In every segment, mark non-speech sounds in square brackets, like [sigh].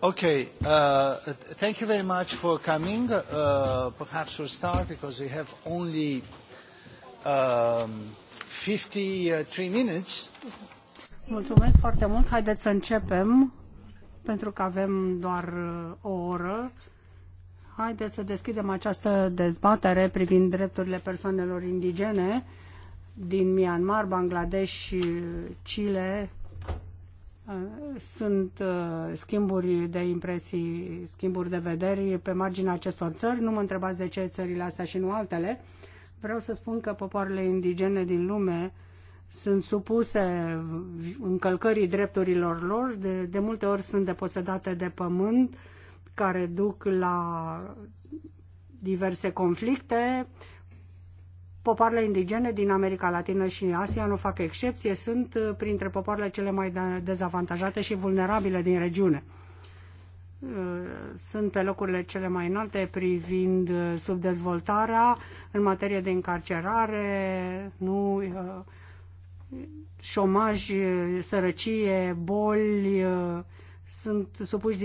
Okay, uh, thank you very much for coming. Uh, perhaps we'll start because we have only um, 53 uh, minutes. Mulțumesc foarte mult. Haideți să începem pentru că avem doar uh, o oră. Haideți să deschidem această dezbatere privind drepturile persoanelor indigene din Myanmar, Bangladesh, Chile, sunt uh, schimburi de impresii, schimburi de vederi pe marginea acestor țări. Nu mă întrebați de ce țările astea și nu altele. Vreau să spun că popoarele indigene din lume sunt supuse încălcării drepturilor lor, de, de multe ori sunt deposedate de pământ, care duc la diverse conflicte, Popoarele indigene din America Latină și Asia nu fac excepție, sunt uh, printre popoarele cele mai dezavantajate și vulnerabile din regiune. Uh, sunt pe locurile cele mai înalte privind uh, subdezvoltarea în materie de încarcerare, nu șomaj, sărăcie, boli, sunt supuși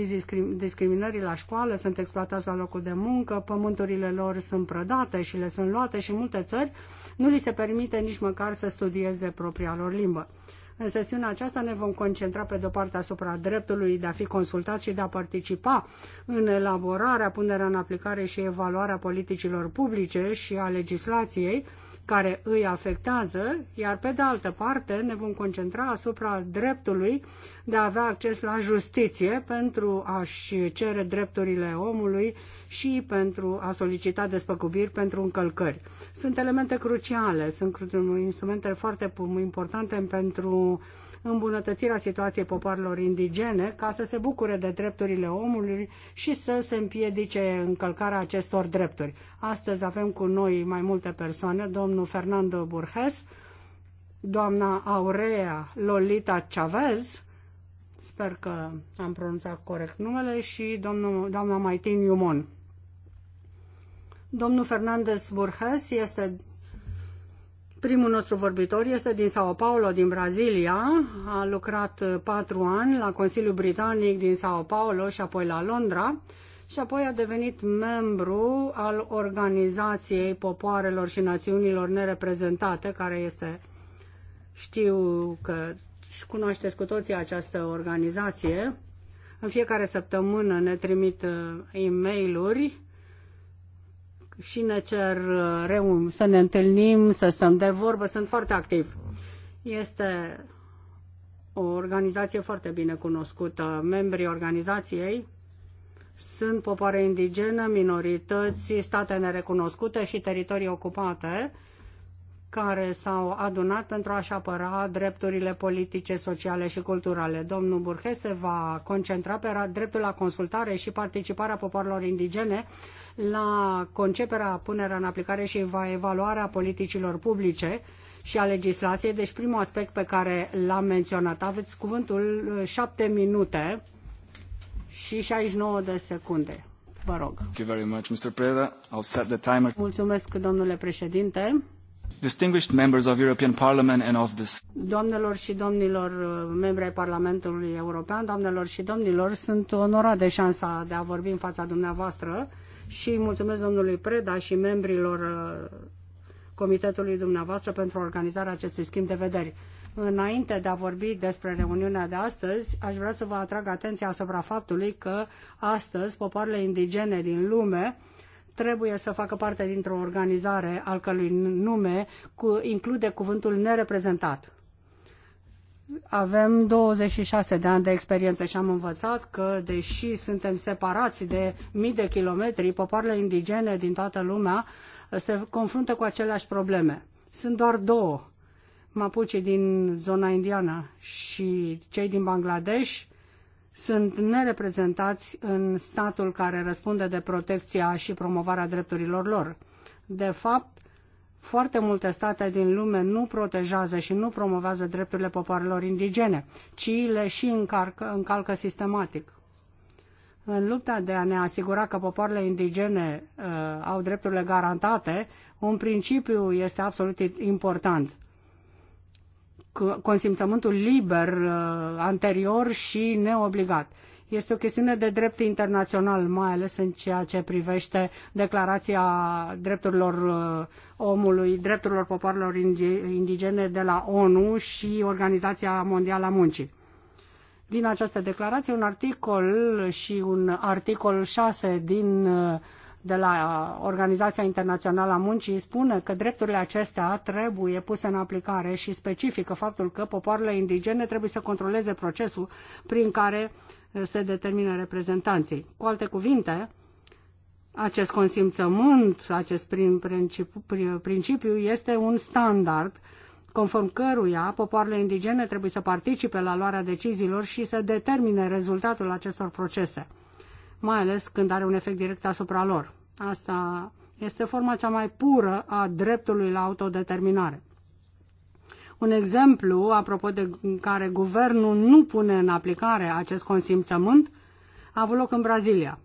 discriminării la școală, sunt exploatați la locul de muncă, pământurile lor sunt prădate și le sunt luate și în multe țări nu li se permite nici măcar să studieze propria lor limbă. În sesiunea aceasta ne vom concentra pe de-o parte asupra dreptului de a fi consultat și de a participa în elaborarea, punerea în aplicare și evaluarea politicilor publice și a legislației, care îi afectează, iar pe de altă parte ne vom concentra asupra dreptului de a avea acces la justiție pentru a-și cere drepturile omului și pentru a solicita despăgubiri pentru încălcări. Sunt elemente cruciale, sunt instrumente foarte importante pentru uh, îmbunătățirea situației popoarelor indigene ca să se bucure de drepturile omului și să se împiedice încălcarea acestor drepturi. Astăzi avem cu noi mai multe persoane, domnul Fernando Burges, doamna Aurea Lolita Chavez, sper că am pronunțat corect numele, și domnul, doamna Maitin Iumon. Domnul Fernandez Burges este Primul nostru vorbitor este din Sao Paulo, din Brazilia. A lucrat uh, patru ani la Consiliul Britanic din Sao Paulo și apoi la Londra și apoi a devenit membru al Organizației Popoarelor și Națiunilor Nereprezentate, care este, știu că și cunoașteți cu toții această organizație. În fiecare săptămână ne trimit uh, e mail și ne cer uh, reum, să ne întâlnim, să stăm de vorbă, sunt foarte activ. Este o organizație foarte bine cunoscută. Membrii organizației sunt popoare indigenă, minorități, state nerecunoscute și teritorii ocupate care s-au adunat pentru a-și apăra drepturile politice, sociale și culturale. Domnul Burhe se va concentra pe dreptul la consultare și participarea popoarelor indigene la conceperea, punerea în aplicare și va evaluarea politicilor publice și a legislației. Deci primul aspect pe care l-am menționat, aveți cuvântul uh, șapte minute și 69 de secunde. Vă rog. Mulțumesc, domnule președinte. Distinguished members of European Parliament and of this... Doamnelor și domnilor uh, membri ai Parlamentului European, doamnelor și domnilor, sunt onorat de șansa de a vorbi în fața dumneavoastră și mulțumesc domnului Preda și membrilor uh, comitetului dumneavoastră pentru organizarea acestui schimb de vederi. Înainte de a vorbi despre reuniunea de astăzi, aș vrea să vă atrag atenția asupra faptului că astăzi popoarele indigene din lume trebuie să facă parte dintr-o organizare al cărui nume cu, include cuvântul nereprezentat. Avem 26 de ani de experiență și am învățat că, deși suntem separați de mii de kilometri, popoarele indigene din toată lumea se confruntă cu aceleași probleme. Sunt doar două. mapucii din zona indiană și cei din Bangladesh sunt nereprezentați în statul care răspunde de protecția și promovarea drepturilor lor. De fapt, foarte multe state din lume nu protejează și nu promovează drepturile popoarelor indigene, ci le și încarcă, încalcă sistematic. În lupta de a ne asigura că popoarele indigene uh, au drepturile garantate, un principiu este absolut important consimțământul liber uh, anterior și neobligat. Este o chestiune de drept internațional, mai ales în ceea ce privește declarația drepturilor uh, omului, drepturilor popoarelor indigene de la ONU și Organizația Mondială a Muncii. Din această declarație, un articol și un articol 6 din uh, de la Organizația Internațională a Muncii spune că drepturile acestea trebuie puse în aplicare și specifică faptul că popoarele indigene trebuie să controleze procesul prin care se determină reprezentanții. Cu alte cuvinte, acest consimțământ, acest principiu, principiu este un standard conform căruia popoarele indigene trebuie să participe la luarea deciziilor și să determine rezultatul acestor procese mai ales când are un efect direct asupra lor. Asta este forma cea mai pură a dreptului la autodeterminare. Un exemplu, apropo de care guvernul nu pune în aplicare acest consimțământ, a avut loc în Brazilia.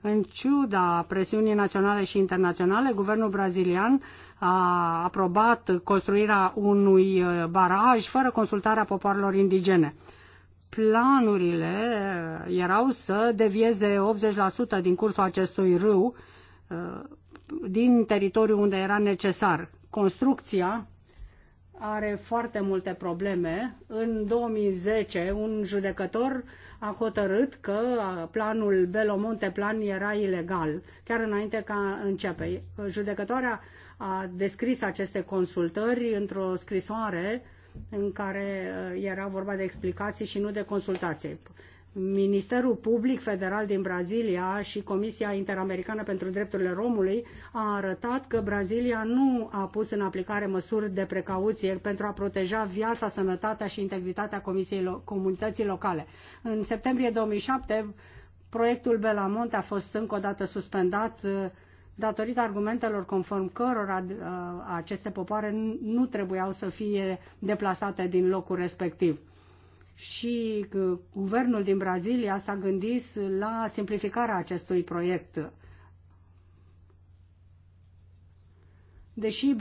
În ciuda presiunii naționale și internaționale, guvernul brazilian a aprobat construirea unui uh, baraj fără consultarea popoarelor indigene planurile erau să devieze 80% din cursul acestui râu uh, din teritoriul unde era necesar. Construcția are foarte multe probleme. În 2010, un judecător a hotărât că planul Belomonte Plan era ilegal, chiar înainte ca începe. Judecătoarea a descris aceste consultări într-o scrisoare uh, în care uh, era vorba de explicații și nu de consultații. Ministerul Public Federal din Brazilia și Comisia Interamericană pentru Drepturile Romului a arătat că Brazilia nu a pus în aplicare măsuri de precauție pentru a proteja viața, sănătatea și integritatea comisiei comunității locale. În septembrie 2007, proiectul Belamonte a fost încă o dată suspendat uh, datorită argumentelor conform cărora uh, aceste popoare nu trebuiau să fie deplasate din locul respectiv. Și uh, guvernul din Brazilia s-a gândit la simplificarea acestui proiect. Deși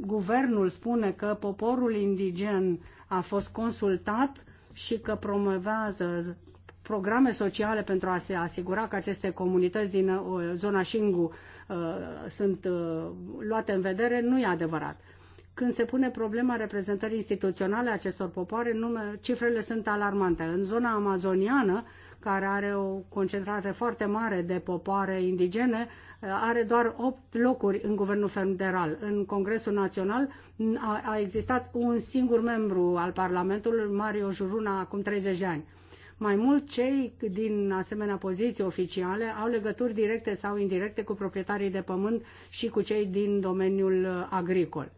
guvernul spune că poporul indigen a fost consultat și că promovează programe sociale pentru a se asigura că aceste comunități din uh, zona Shingu uh, sunt uh, luate în vedere, nu e adevărat. Când se pune problema reprezentării instituționale a acestor popoare, nume, cifrele sunt alarmante. În zona amazoniană, care are o concentrare foarte mare de popoare indigene, uh, are doar 8 locuri în guvernul federal. În Congresul Național a, a existat un singur membru al Parlamentului, Mario Juruna, acum 30 de ani. Mai mult, cei din asemenea poziții oficiale au legături directe sau indirecte cu proprietarii de pământ și cu cei din domeniul agricol.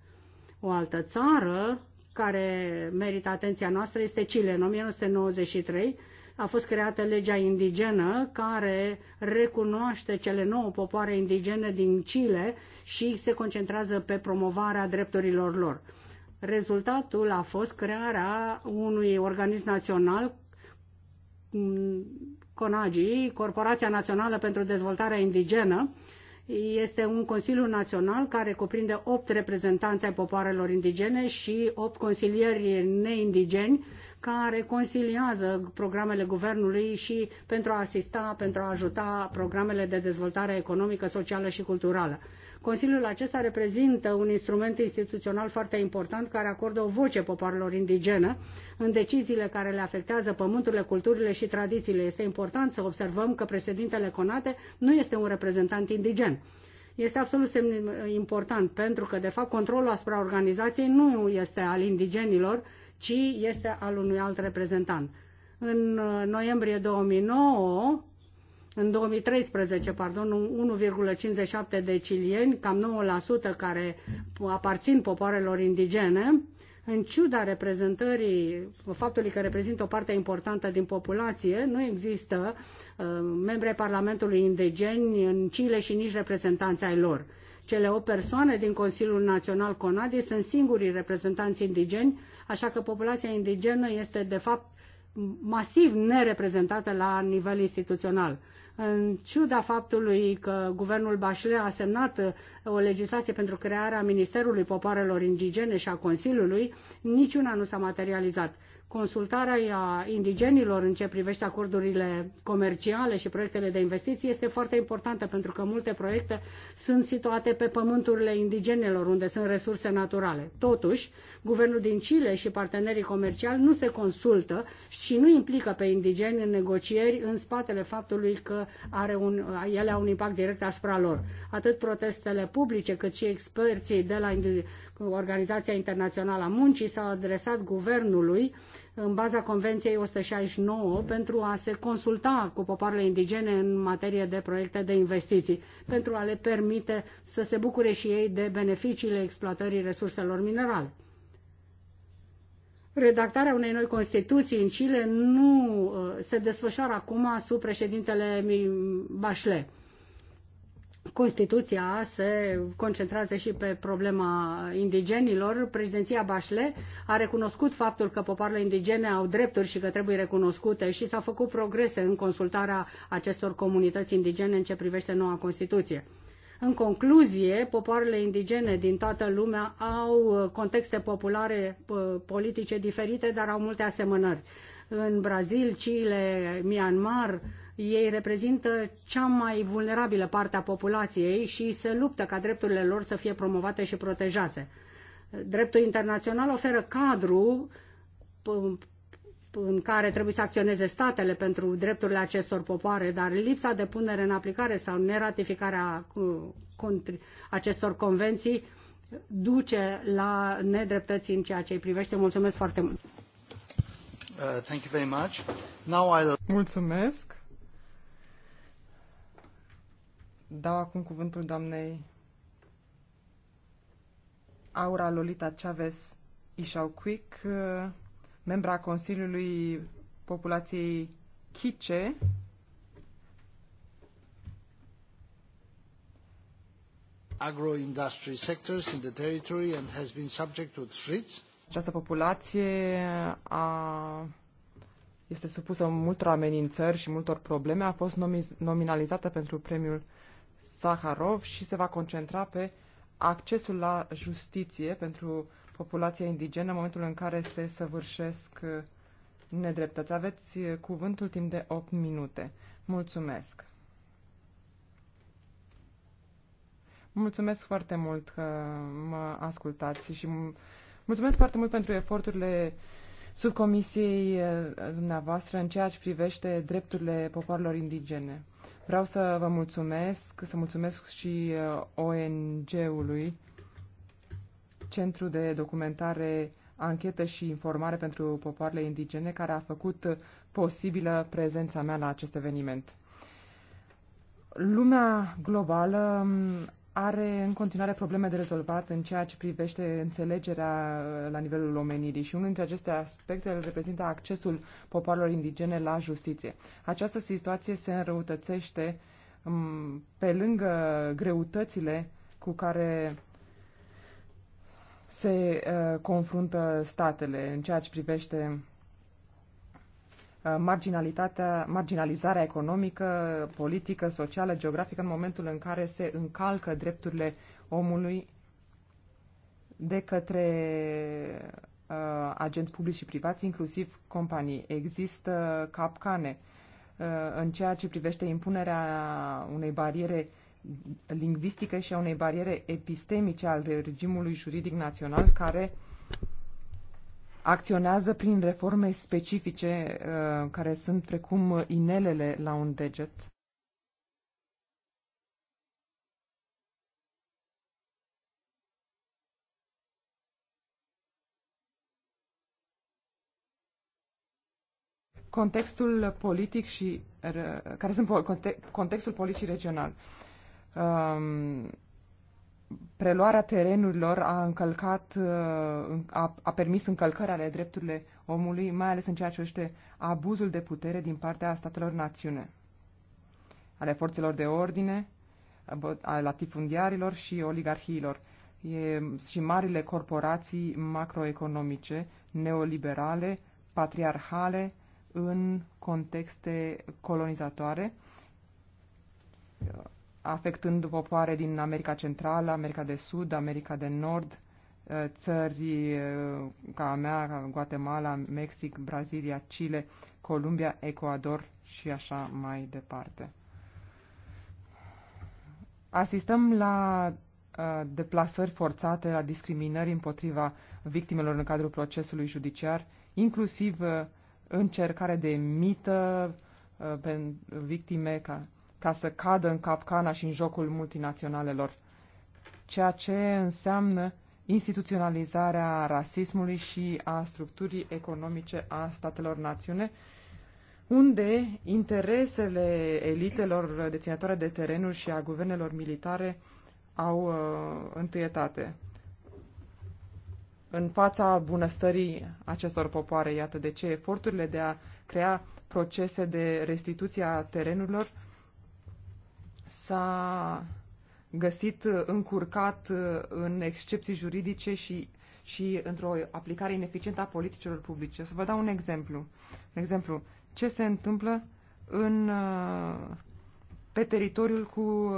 O altă țară care merită atenția noastră este Chile. În 1993 a fost creată legea indigenă care recunoaște cele nouă popoare indigene din Chile și se concentrează pe promovarea drepturilor lor. Rezultatul a fost crearea unui organism național CONAGI, Corporația Națională pentru Dezvoltarea Indigenă, este un Consiliu Național care cuprinde opt reprezentanți ai popoarelor indigene și opt consilieri neindigeni care consiliază programele guvernului și pentru a asista, pentru a ajuta programele de dezvoltare economică, socială și culturală. Consiliul acesta reprezintă un instrument instituțional foarte important care acordă o voce popoarelor indigene în deciziile care le afectează pământurile, culturile și tradițiile. Este important să observăm că președintele Conate nu este un reprezentant indigen este absolut important pentru că, de fapt, controlul asupra organizației nu este al indigenilor, ci este al unui alt reprezentant. În uh, noiembrie 2009, în 2013, pardon, 1,57 decilieni, cam 9% care aparțin popoarelor indigene, în ciuda reprezentării, faptului că reprezintă o parte importantă din populație, nu există uh, membre Parlamentului indigeni în Chile și nici reprezentanți ai lor. Cele o persoane din Consiliul Național Conadi sunt singurii reprezentanți indigeni, așa că populația indigenă este de fapt masiv nereprezentată la nivel instituțional. În ciuda faptului că guvernul Bachelet a semnat uh, o legislație pentru crearea Ministerului Popoarelor Indigene și a Consiliului, niciuna nu s-a materializat. Consultarea indigenilor în ce privește acordurile comerciale și proiectele de investiții este foarte importantă pentru că multe proiecte sunt situate pe pământurile indigenilor, unde sunt resurse naturale. Totuși, guvernul din Chile și partenerii comerciali nu se consultă și nu implică pe indigeni în negocieri în spatele faptului că are un, ele au un impact direct asupra lor. Atât protestele publice cât și experții de la Organizația Internațională a Muncii s a adresat guvernului în baza Convenției 169 pentru a se consulta cu popoarele indigene în materie de proiecte de investiții, pentru a le permite să se bucure și ei de beneficiile exploatării resurselor minerale. Redactarea unei noi Constituții în Chile nu uh, se desfășoară acum sub președintele Bachelet Constituția se concentrează și pe problema indigenilor. Președinția Bașle a recunoscut faptul că popoarele indigene au drepturi și că trebuie recunoscute și s-au făcut progrese în consultarea acestor comunități indigene în ce privește noua Constituție. În concluzie, popoarele indigene din toată lumea au contexte populare politice diferite, dar au multe asemănări. În Brazil, Chile, Myanmar, ei reprezintă cea mai vulnerabilă parte a populației și se luptă ca drepturile lor să fie promovate și protejate. Dreptul internațional oferă cadru în care trebuie să acționeze statele pentru drepturile acestor popoare, dar lipsa de punere în aplicare sau neratificarea acestor convenții duce la nedreptăți în ceea ce îi privește. Mulțumesc foarte mult! Uh, thank you very much. Now I'll... Mulțumesc! Dau acum cuvântul doamnei Aura Lolita Chavez quick membra Consiliului Populației Chice, agro-industry sectors in the territory and has been subject to threats. Această populație a, este supusă multor amenințări și multor probleme. A fost nominalizată pentru premiul Saharov și se va concentra pe accesul la justiție pentru populația indigenă în momentul în care se săvârșesc uh, nedreptăți. Aveți uh, cuvântul timp de 8 minute. Mulțumesc! Mulțumesc foarte mult că mă ascultați și mulțumesc foarte mult pentru eforturile subcomisiei eh, dumneavoastră în ceea ce privește drepturile popoarelor indigene. Vreau să vă mulțumesc, să mulțumesc și eh, ONG-ului, Centrul de Documentare, Anchetă și Informare pentru Popoarele Indigene, care a făcut eh, posibilă prezența mea la acest eveniment. Lumea globală mm, are în continuare probleme de rezolvat în ceea ce privește înțelegerea uh, la nivelul omenirii și unul dintre aceste aspecte îl reprezintă accesul popoarelor indigene la justiție. Această situație se înrăutățește um, pe lângă greutățile cu care se uh, confruntă statele în ceea ce privește Uh, marginalitatea, marginalizarea economică, politică, socială, geografică în momentul în care se încalcă drepturile omului de către uh, agenți publici și privați, inclusiv companii. Există capcane uh, în ceea ce privește impunerea unei bariere lingvistică și a unei bariere epistemice al regimului juridic național care uh, acționează prin reforme specifice uh, care sunt precum inelele la un deget. contextul politic și care sunt context, contextul politic regional. Um, preluarea terenurilor a încălcat, uh, a, a permis încălcări ale drepturile omului, mai ales în ceea ce este abuzul de putere din partea statelor națiune, ale forțelor de ordine, a latifundiarilor și oligarhiilor e, și marile corporații macroeconomice, neoliberale, patriarhale, în contexte colonizatoare afectând popoare din America Centrală, America de Sud, America de Nord, uh, țări uh, ca a mea, ca Guatemala, Mexic, Brazilia, Chile, Columbia, Ecuador și așa mai departe. Asistăm la uh, deplasări forțate, la discriminări împotriva victimelor în cadrul procesului judiciar, inclusiv încercare de mită pentru victime ca ca să cadă în capcana și în jocul multinaționalelor, ceea ce înseamnă instituționalizarea rasismului și a structurii economice a statelor națiune, unde interesele elitelor deținătoare de terenuri și a guvernelor militare au uh, întâietate. În fața bunăstării acestor popoare, iată de ce eforturile de a crea procese de restituție a terenurilor s-a găsit încurcat în excepții juridice și, și într-o aplicare ineficientă a politicilor publice. O să vă dau un exemplu. Un exemplu. Ce se întâmplă în, uh, pe teritoriul cu uh,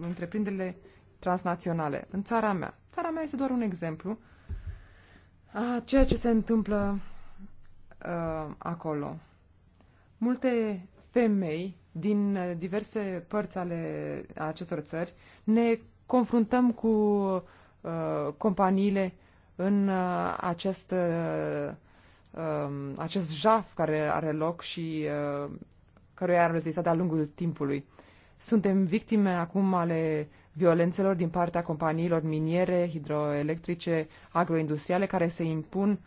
întreprinderile transnaționale, în țara mea. Țara mea este doar un exemplu a ceea ce se întâmplă uh, acolo. Multe femei din uh, diverse părți ale acestor țări, ne confruntăm cu uh, companiile în uh, acest, uh, um, acest jaf care are loc și uh, căruia am rezistat de-a lungul timpului. Suntem victime acum ale violențelor din partea companiilor miniere, hidroelectrice, agroindustriale care se impun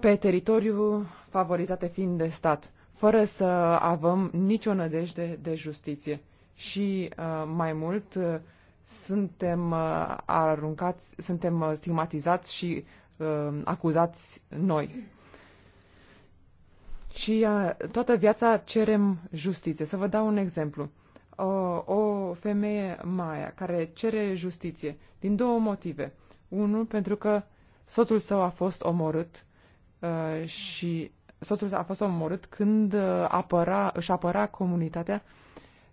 pe teritoriu favorizate fiind de stat fără să avem nicio nădejde de justiție. Și uh, mai mult, uh, suntem uh, aruncați, suntem stigmatizați și acuzați noi. Și toată viața cerem justiție. Să vă dau un exemplu. O femeie maia care cere justiție din două motive. Unul, pentru că soțul său a fost omorât și soțul a fost omorât când uh, apăra, își apăra comunitatea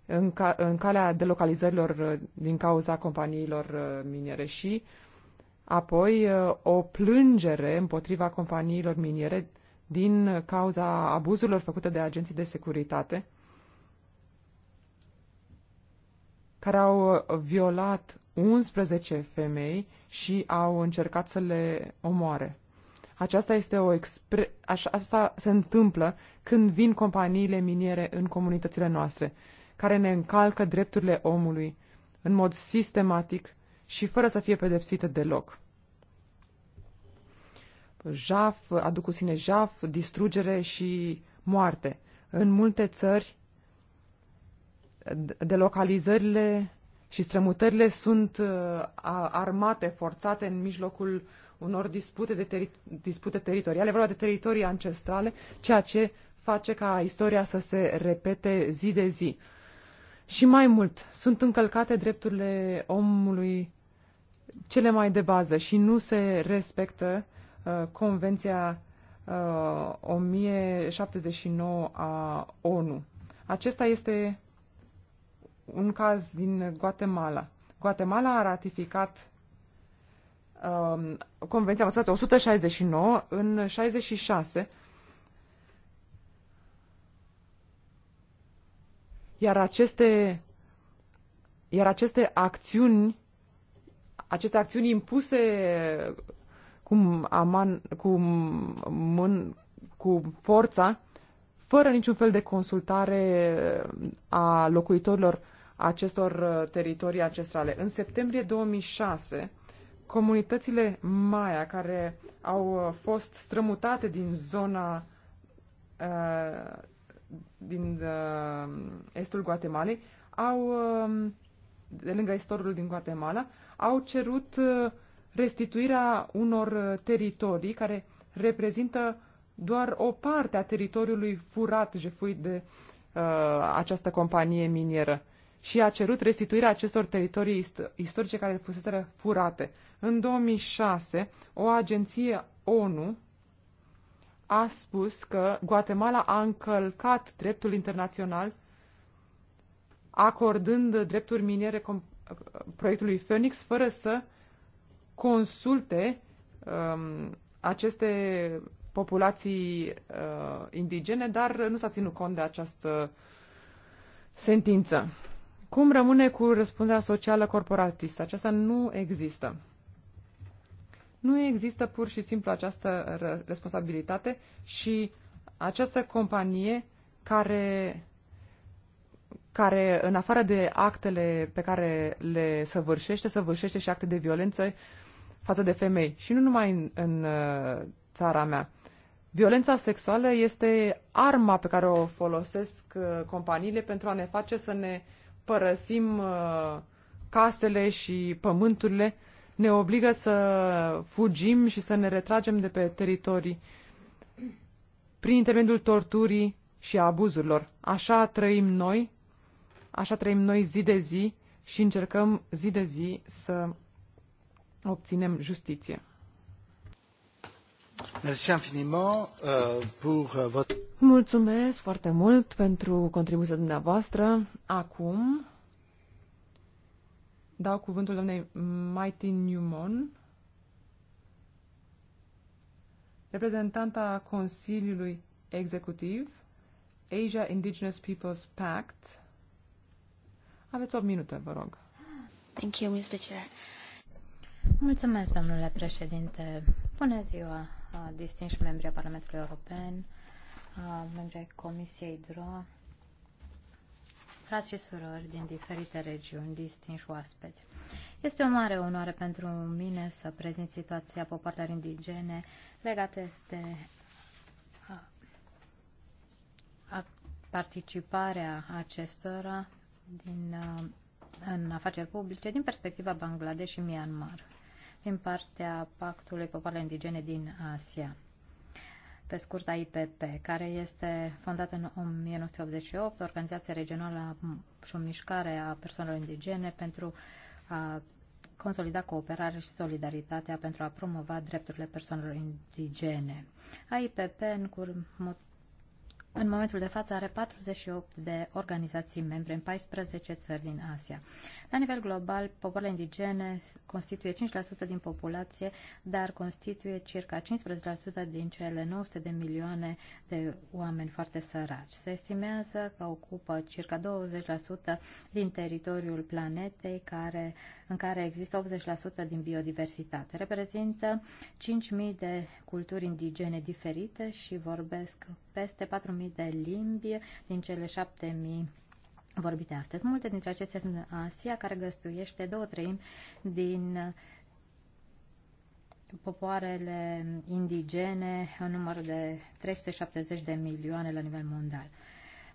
în, ca, în calea delocalizărilor uh, din cauza companiilor uh, miniere și apoi o plângere împotriva companiilor miniere din cauza abuzurilor făcute de agenții de securitate care au violat 11 femei și au încercat să le omoare. Aceasta, este o expre... Așa, asta se întâmplă când vin companiile miniere în comunitățile noastre, care ne încalcă drepturile omului în mod sistematic și fără să fie pedepsite deloc. Jaf, aduc cu sine jaf, distrugere și moarte. În multe țări, delocalizările și strămutările sunt uh, armate, forțate în mijlocul uh, unor dispute, de teri- dispute teritoriale, vorba de teritorii ancestrale, ceea ce face ca istoria să se repete zi de zi. Și mai mult, sunt încălcate drepturile omului cele mai de bază și nu se respectă uh, Convenția uh, 1079 a ONU. Acesta este un caz din Guatemala. Guatemala a ratificat Um, Convenția, a 169 în 66, iar aceste, iar aceste acțiuni, aceste acțiuni impuse cu, aman, cu, mân, cu forța, fără niciun fel de consultare a locuitorilor acestor teritorii ancestrale. În septembrie 2006, comunitățile Maya care au uh, fost strămutate din zona uh, din uh, estul Guatemalei au um, de lângă istorul din Guatemala au cerut restituirea unor teritorii care reprezintă doar o parte a teritoriului furat, jefuit de uh, această companie minieră și a cerut restituirea acestor teritorii istorice care fuseseră furate. În 2006, o agenție ONU a spus că Guatemala a încălcat dreptul internațional acordând drepturi miniere proiectului Phoenix fără să consulte um, aceste populații uh, indigene, dar nu s-a ținut cont de această sentință. Cum rămâne cu răspunderea socială corporatistă? Aceasta nu există. Nu există pur și simplu această responsabilitate și această companie care, care, în afară de actele pe care le săvârșește, săvârșește și acte de violență față de femei. Și nu numai în, în uh, țara mea. Violența sexuală este arma pe care o folosesc uh, companiile pentru a ne face să ne uh, părăsim uh, casele și pământurile, ne obligă să fugim și să ne retragem de pe teritorii prin intermediul torturii și abuzurilor. Așa trăim noi, așa trăim noi zi de zi și încercăm zi de zi să obținem justiție. Euh, euh, Mulțumesc foarte mult pentru contribuția dumneavoastră. Acum dau cuvântul doamnei Mighty Newman, reprezentanta Consiliului Executiv Asia Indigenous Peoples Pact. Aveți 8 minute, vă rog. Thank you, Mr. Chair. Mulțumesc, domnule președinte. Bună ziua, distinși membri ai Parlamentului European, membri ai Comisiei DRO, frați și surori din diferite regiuni, distinși oaspeți. Este o mare onoare pentru mine să prezint situația popoarelor indigene legate de participarea acestora din, în afaceri publice din perspectiva Bangladesh și Myanmar din partea Pactului Popoarele Indigene din Asia, pe scurt AIPP, care este fondată în 1988, organizație regională și o mișcare a persoanelor indigene pentru a consolida cooperarea și solidaritatea pentru a promova drepturile persoanelor indigene. AIPP în curmut în momentul de față are 48 de organizații membre în 14 țări din Asia. La nivel global, popoarele indigene constituie 5% din populație, dar constituie circa 15% din cele 900 de milioane de oameni foarte săraci. Se estimează că ocupă circa 20% din teritoriul planetei, care, în care există 80% din biodiversitate. Reprezintă 5.000 de culturi indigene diferite și vorbesc peste 4.000 de limbi din cele 7.000 vorbite astăzi. Multe dintre acestea sunt în Asia, care găstuiește două treimi din popoarele indigene în număr de 370 de milioane la nivel mondial.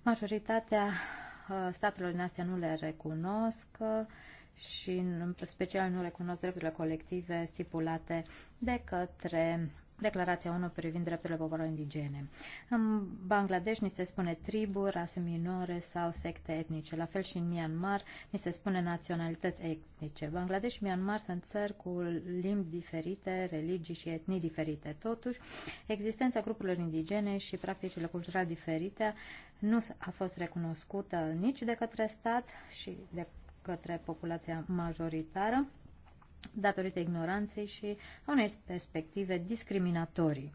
Majoritatea uh, statelor din Asia nu le recunosc uh, și în special nu recunosc drepturile colective stipulate de către Declarația 1 privind drepturile poporului indigene. În Bangladesh ni se spune tribu, rase minore sau secte etnice. La fel și în Myanmar ni se spune naționalități etnice. Bangladesh și Myanmar sunt țări cu limbi diferite, religii și etnii diferite. Totuși, existența grupurilor indigene și practicile culturale diferite nu a fost recunoscută nici de către stat și de către populația majoritară datorită ignoranței și a unei perspective discriminatorii.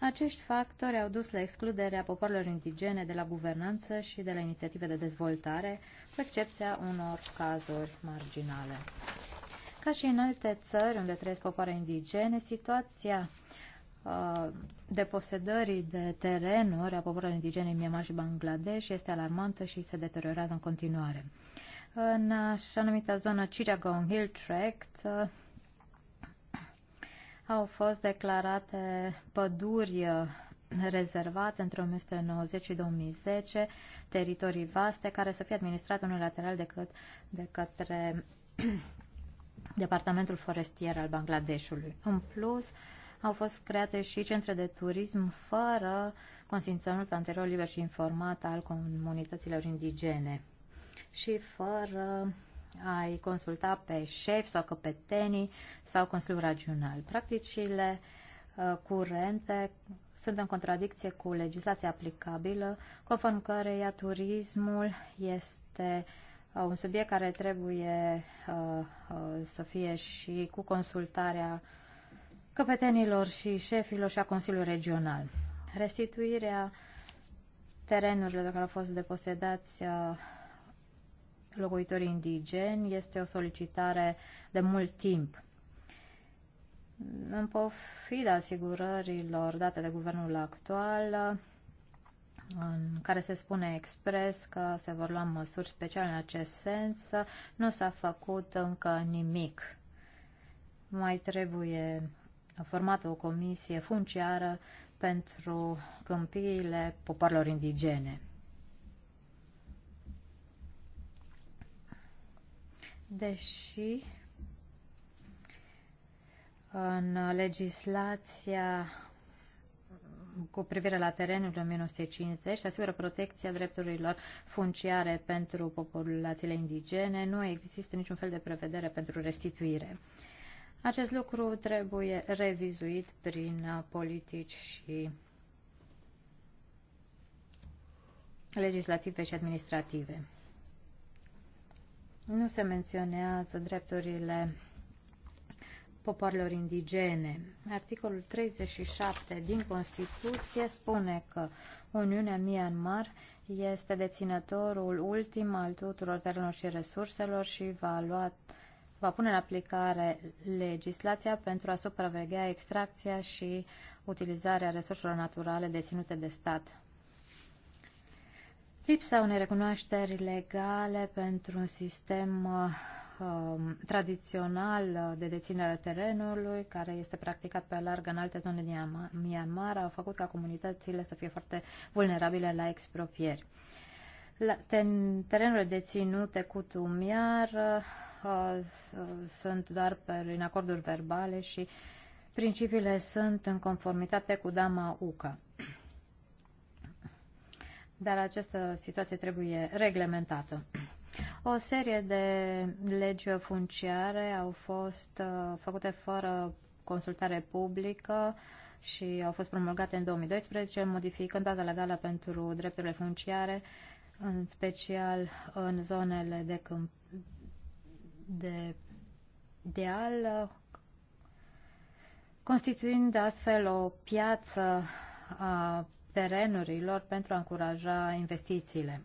Acești factori au dus la excluderea popoarelor indigene de la guvernanță și de la inițiative de dezvoltare, cu excepția unor cazuri marginale. Ca și în alte țări unde trăiesc popoare indigene, situația uh, deposedării de terenuri a popoarelor indigene în Myanmar și Bangladesh este alarmantă și se deteriorează în continuare în așa numită zonă Chittagong Hill Tract uh, au fost declarate păduri uh, rezervate între 1990 și 2010, teritorii vaste care să fie administrate unilateral de, de către [clears throat] Departamentul Forestier al Bangladeshului. În plus, au fost create și centre de turism fără consimțământ anterior liber și informat al comunităților indigene și fără a-i consulta pe șef sau căpetenii sau Consiliul Regional. Practicile uh, curente sunt în contradicție cu legislația aplicabilă, conform căreia turismul este uh, un subiect care trebuie uh, să fie și cu consultarea căpetenilor și șefilor și a Consiliului Regional. Restituirea terenurilor care au fost deposedați locuitorii indigeni este o solicitare de mult timp. În pofida asigurărilor date de guvernul actual, în care se spune expres că se vor lua măsuri speciale în acest sens, nu s-a făcut încă nimic. Mai trebuie formată o comisie funciară pentru câmpiile popoarelor indigene. deși în legislația cu privire la terenul de 1950 asigură protecția drepturilor funciare pentru populațiile indigene. Nu există niciun fel de prevedere pentru restituire. Acest lucru trebuie revizuit prin politici și legislative și administrative. Nu se menționează drepturile popoarelor indigene. Articolul 37 din Constituție spune că Uniunea Myanmar este deținătorul ultim al tuturor terenurilor și resurselor și va lua va pune în aplicare legislația pentru a supraveghea extracția și utilizarea resurselor naturale deținute de stat. Lipsa unei recunoașteri legale pentru un sistem uh, um, tradițional de deținere a terenului, care este practicat pe larg în alte zone din Myanmar, a făcut ca comunitățile să fie foarte vulnerabile la expropieri. La ten, terenurile deținute cu tumiar uh, uh, sunt doar pe, în acorduri verbale și principiile sunt în conformitate cu Dama UCA dar această situație trebuie reglementată. O serie de legi funciare au fost uh, făcute fără consultare publică și au fost promulgate în 2012, modificând baza legală pentru drepturile funciare, în special în zonele de câmp de deal, constituind astfel o piață a terenurilor pentru a încuraja investițiile.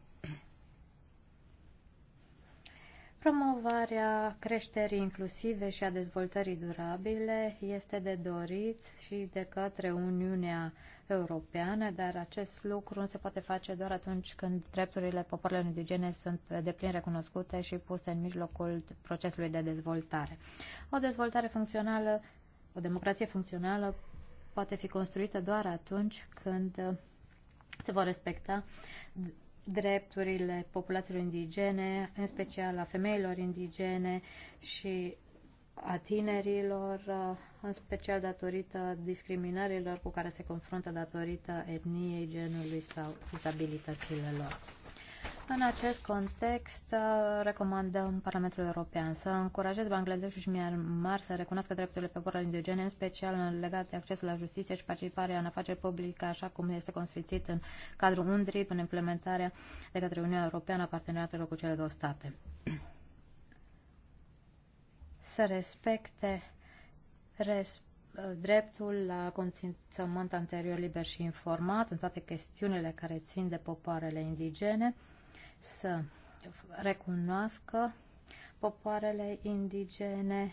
Promovarea creșterii inclusive și a dezvoltării durabile este de dorit și de către Uniunea Europeană, dar acest lucru nu se poate face doar atunci când drepturile popoarelor indigene sunt deplin recunoscute și puse în mijlocul procesului de dezvoltare. O dezvoltare funcțională, o democrație funcțională poate fi construită doar atunci când uh, se vor respecta drepturile populațiilor indigene, în special a femeilor indigene și a tinerilor, uh, în special datorită discriminărilor cu care se confruntă datorită etniei, genului sau disabilităților lor. În acest context, uh, recomandăm Parlamentul European să încurajeze Bangladeshul și Myanmar să recunoască drepturile poporului indigene, în special legate de accesul la justiție și participarea în afaceri publice, așa cum este consfințit în cadrul UNDRI, în implementarea de către Uniunea Europeană a parteneriatelor cu cele două state. [clears throat] Să respecte res uh, dreptul la consimțământ anterior liber și informat în toate chestiunile care țin de popoarele indigene, să recunoască popoarele indigene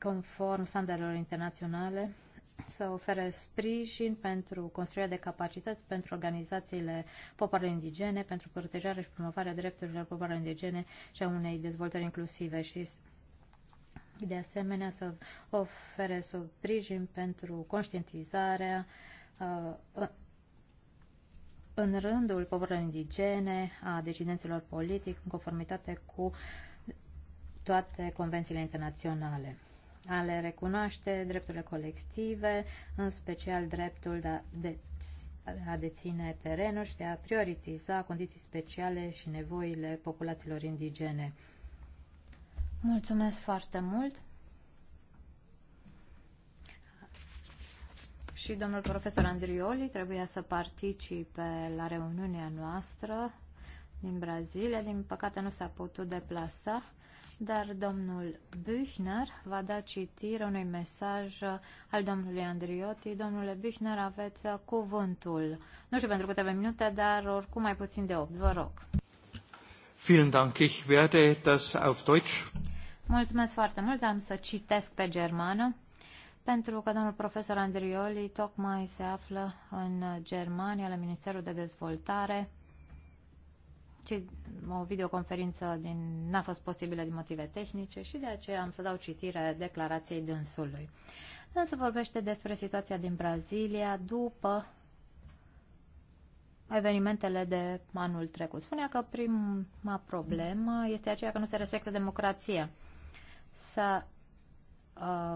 conform standardelor internaționale, să ofere sprijin pentru construirea de capacități pentru organizațiile popoarelor indigene, pentru protejarea și promovarea drepturilor popoarelor indigene și a unei dezvoltări inclusive și de asemenea să ofere sprijin pentru conștientizarea uh, în rândul poporilor indigene, a decidenților politici, în conformitate cu toate convențiile internaționale. A le recunoaște drepturile colective, în special dreptul de a, de, a deține terenul și de a prioritiza condiții speciale și nevoile populațiilor indigene. Mulțumesc foarte mult! și domnul profesor Andrioli trebuia să participe la reuniunea noastră din Brazilia. Din păcate nu s-a putut deplasa, dar domnul Büchner va da citire unui mesaj al domnului Andrioti. Domnule Büchner, aveți cuvântul, nu știu pentru câteva minute, dar oricum mai puțin de 8. Vă rog. Vielen Dank. Ich werde das auf Deutsch. Mulțumesc foarte mult. Am să citesc pe germană pentru că domnul profesor Andrioli tocmai se află în Germania, la Ministerul de Dezvoltare, ci o videoconferință din, n-a fost posibilă din motive tehnice și de aceea am să dau citire declarației dânsului. Dânsul vorbește despre situația din Brazilia după evenimentele de anul trecut. Spunea că prima problemă este aceea că nu se respectă democrația, să uh,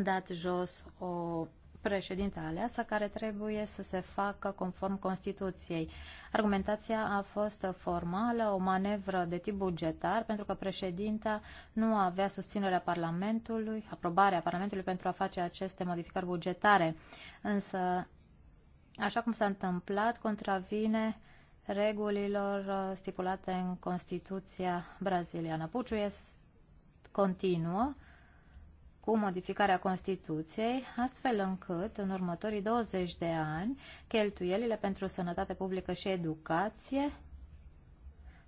dat jos o președinte aleasă care trebuie să se facă conform Constituției. Argumentația a fost formală, o manevră de tip bugetar, pentru că președinta nu avea susținerea Parlamentului, aprobarea Parlamentului pentru a face aceste modificări bugetare. Însă, așa cum s-a întâmplat, contravine regulilor uh, stipulate în Constituția braziliană. Puciu este continuă cu modificarea Constituției, astfel încât în următorii 20 de ani cheltuielile pentru sănătate publică și educație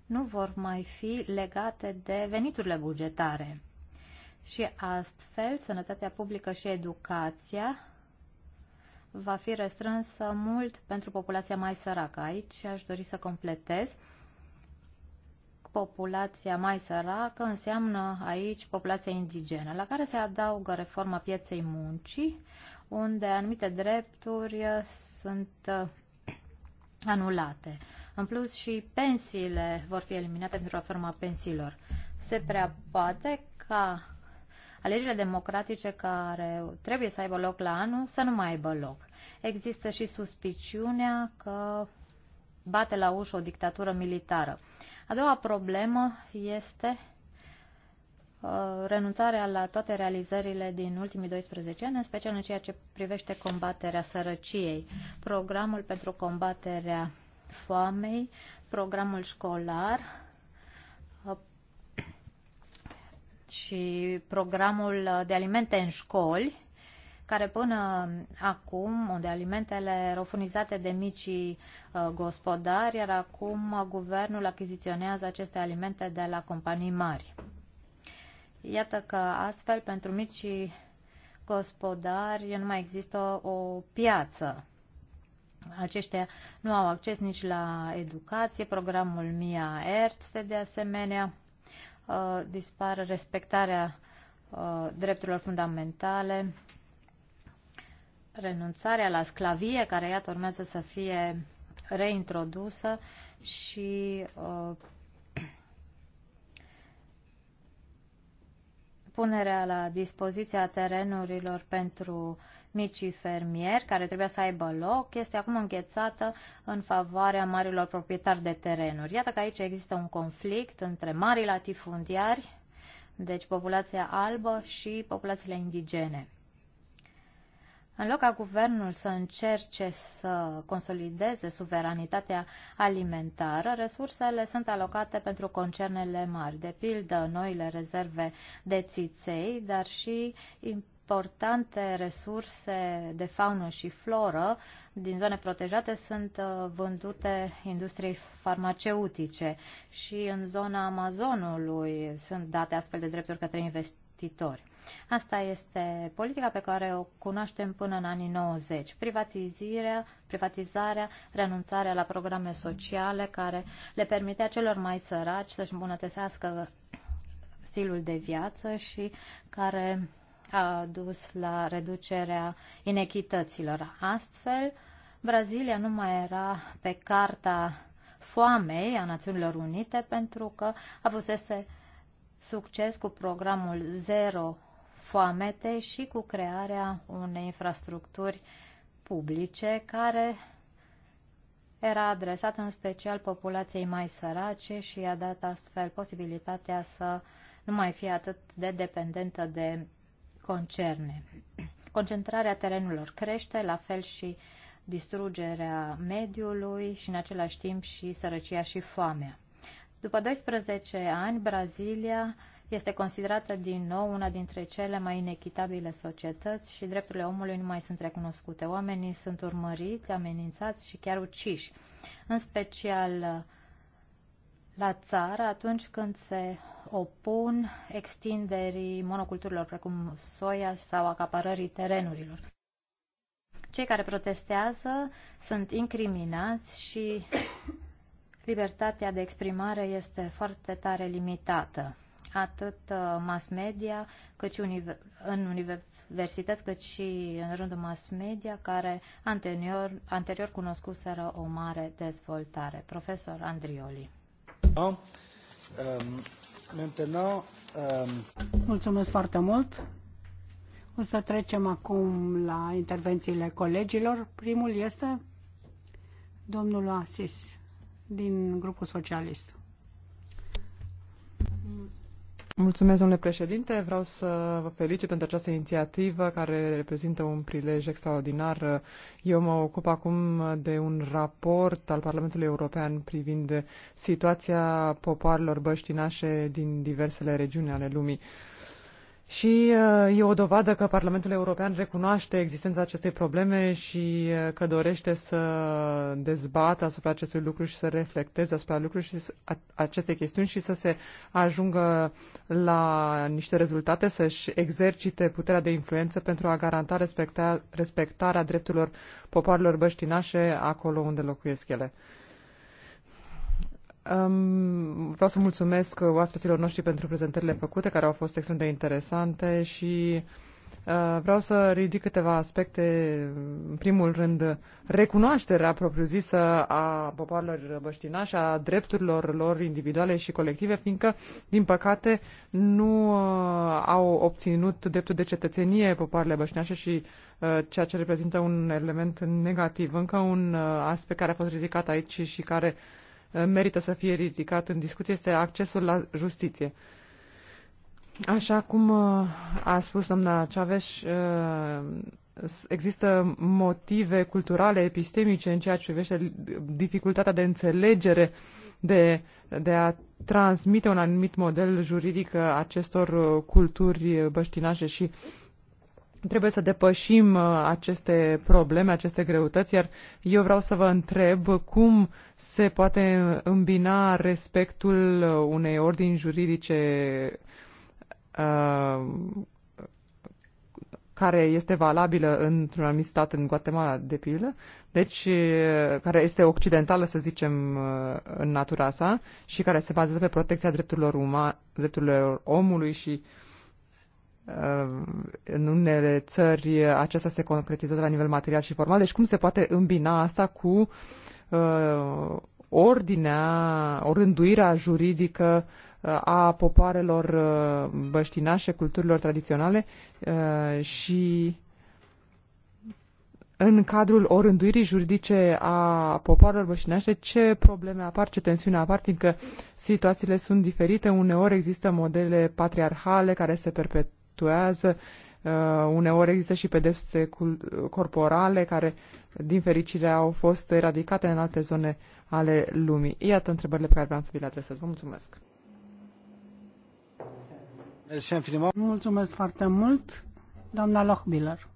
nu vor mai fi legate de veniturile bugetare. Și astfel, sănătatea publică și educația va fi restrânsă mult pentru populația mai săracă. Aici aș dori să completez populația mai săracă înseamnă aici populația indigenă, la care se adaugă reforma pieței muncii, unde anumite drepturi sunt uh, anulate. În plus și pensiile vor fi eliminate pentru reforma pensiilor. Se prea poate ca alegerile democratice care trebuie să aibă loc la anul să nu mai aibă loc. Există și suspiciunea că bate la ușă o dictatură militară. A doua problemă este uh, renunțarea la toate realizările din ultimii 12 ani, în special în ceea ce privește combaterea sărăciei, programul pentru combaterea foamei, programul școlar uh, și programul de alimente în școli care până acum, unde alimentele erau furnizate de micii uh, gospodari, iar acum guvernul achiziționează aceste alimente de la companii mari. Iată că astfel, pentru micii gospodari, nu mai există o, piață. Aceștia nu au acces nici la educație, programul MIA Erț de asemenea uh, dispar respectarea uh, drepturilor fundamentale renunțarea la sclavie, care iată urmează să fie reintrodusă și uh, [clears throat] punerea la dispoziția terenurilor pentru micii fermieri, care trebuia să aibă loc, este acum înghețată în favoarea marilor proprietari de terenuri. Iată că aici există un conflict între marii latifundiari, deci populația albă și populațiile indigene. În loc ca guvernul să încerce să consolideze suveranitatea alimentară, resursele sunt alocate pentru concernele mari, de pildă noile rezerve de țiței, dar și importante resurse de faună și floră din zone protejate sunt uh, vândute industriei farmaceutice și în zona Amazonului sunt date astfel de drepturi către investiții investitori. Asta este politica pe care o cunoaștem până în anii 90. Privatizarea, privatizarea, renunțarea la programe sociale care le permitea celor mai săraci să-și îmbunătățească stilul de viață și care a dus la reducerea inechităților. Astfel, Brazilia nu mai era pe carta foamei a Națiunilor Unite pentru că avusese succes cu programul Zero Foamete și cu crearea unei infrastructuri publice care era adresată în special populației mai sărace și a dat astfel posibilitatea să nu mai fie atât de dependentă de concerne. Concentrarea terenurilor crește, la fel și distrugerea mediului și în același timp și sărăcia și foamea. După 12 ani, Brazilia este considerată din nou una dintre cele mai inechitabile societăți și drepturile omului nu mai sunt recunoscute. Oamenii sunt urmăriți, amenințați și chiar uciși, în special la țară atunci când se opun extinderii monoculturilor precum soia sau acaparării terenurilor. Cei care protestează sunt incriminați și libertatea de exprimare este foarte tare limitată, atât uh, mass media, cât și univer- în universități, cât și în rândul mass media, care anterior, anterior cunoscuseră o mare dezvoltare. Profesor Andrioli. No. Um, um, maintenant, um... Mulțumesc foarte mult. O să trecem acum la intervențiile colegilor. Primul este domnul Asis din grupul socialist. Mulțumesc, domnule președinte. Vreau să vă felicit pentru această inițiativă care reprezintă un prilej extraordinar. Eu mă ocup acum de un raport al Parlamentului European privind situația popoarelor băștinașe din diversele regiuni ale lumii. Și uh, e o dovadă că Parlamentul European recunoaște existența acestei probleme și uh, că dorește să dezbată asupra acestui lucru și să reflecteze asupra lucrurilor și aceste chestiuni și să se ajungă la niște rezultate, să-și exercite puterea de influență pentru a garanta respecta, respectarea drepturilor popoarelor băștinașe acolo unde locuiesc ele. Um, vreau să mulțumesc oaspeților noștri pentru prezentările făcute, care au fost extrem de interesante și uh, vreau să ridic câteva aspecte. În primul rând, recunoașterea propriu-zisă a popoarelor băștinași, a drepturilor lor individuale și colective, fiindcă, din păcate, nu uh, au obținut dreptul de cetățenie popoarele băștinașe și uh, ceea ce reprezintă un element negativ. Încă un uh, aspect care a fost ridicat aici și, și care uh, Eh, merită să fie ridicat în discuție este accesul la justiție. Așa cum eh, a spus doamna Chavez, eh, există motive culturale, epistemice în ceea ce privește dificultatea de înțelegere, de, de a transmite un anumit model juridic acestor culturi băștinașe și uh, Trebuie să depășim uh, aceste probleme, aceste greutăți, iar eu vreau să vă întreb cum se poate îmbina respectul uh, unei ordini juridice uh, care este valabilă într-un anumit stat, în Guatemala, de pildă, deci care este occidentală, să zicem, în natura sa și care se bazează pe protecția drepturilor, uma, drepturilor omului și uh, Uh, în unele țări acesta se concretizează la nivel material și formal. Deci cum se poate îmbina asta cu uh, ordinea, rânduirea juridică uh, a popoarelor uh, băștinașe, culturilor tradiționale uh, și în cadrul orânduirii juridice a popoarelor băștinașe, ce probleme apar, ce tensiune apar, fiindcă situațiile sunt diferite. Uneori există modele patriarhale care se perpetuă fluctuează. Uh, uneori există și pedepse corporale care, din fericire, au fost eradicate în alte zone ale lumii. Iată întrebările pe care vreau să vi le adresez. Vă mulțumesc! Mulțumesc foarte mult, doamna Lochbiller.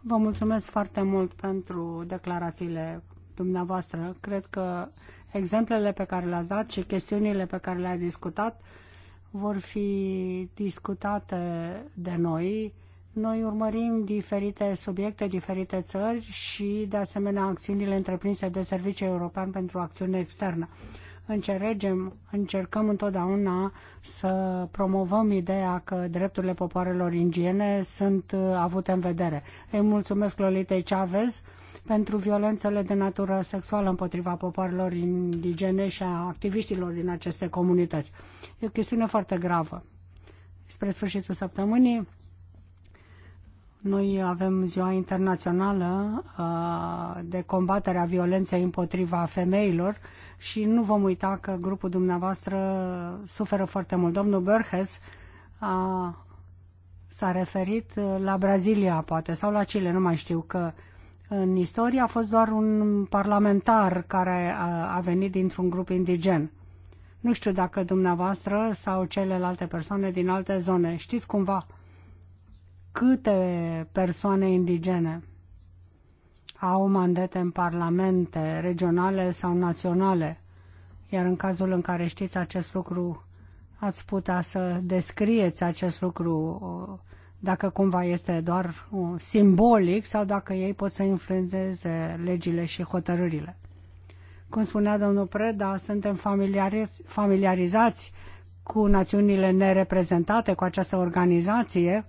Vă mulțumesc foarte mult pentru declarațiile dumneavoastră. Cred că exemplele pe care le-ați dat și chestiunile pe care le-ați discutat vor fi discutate de noi. Noi urmărim diferite subiecte, diferite țări și, de asemenea, acțiunile întreprinse de Serviciul European pentru Acțiune Externă. Încercem, încercăm întotdeauna să promovăm ideea că drepturile popoarelor indiene sunt uh, avute în vedere. Îi mulțumesc Lolitei Chavez pentru violențele de natură sexuală împotriva popoarelor indigene și a activiștilor din aceste comunități. E o chestiune foarte gravă. Spre sfârșitul săptămânii, noi avem Ziua Internațională de combatere a violenței împotriva femeilor și nu vom uita că grupul dumneavoastră suferă foarte mult. Domnul Berges a, s-a referit la Brazilia, poate, sau la Chile, nu mai știu, că în istorie a fost doar un parlamentar care a, venit dintr-un grup indigen. Nu știu dacă dumneavoastră sau celelalte persoane din alte zone știți cumva câte persoane indigene au mandate în parlamente regionale sau naționale. Iar în cazul în care știți acest lucru, ați putea să descrieți acest lucru dacă cumva este doar simbolic sau dacă ei pot să influențeze legile și hotărârile. Cum spunea domnul Preda, suntem familiarizați cu națiunile nereprezentate, cu această organizație.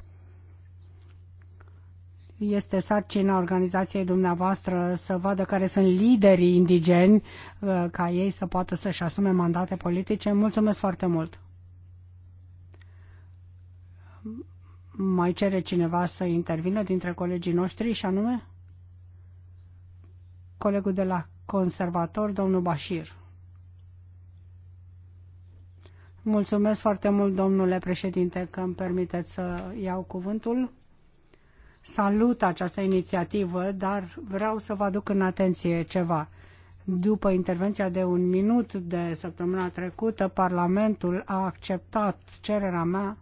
Este sarcina organizației dumneavoastră să vadă care sunt liderii indigeni, uh, ca ei să poată să-și asume mandate politice. Mulțumesc foarte mult! mai cere cineva să intervină dintre colegii noștri și anume colegul de la conservator, domnul Bashir. Mulțumesc foarte mult, domnule președinte, că îmi permiteți să iau cuvântul. Salut această inițiativă, dar vreau să vă aduc în atenție ceva. După intervenția de un minut de săptămâna trecută, Parlamentul a acceptat cererea mea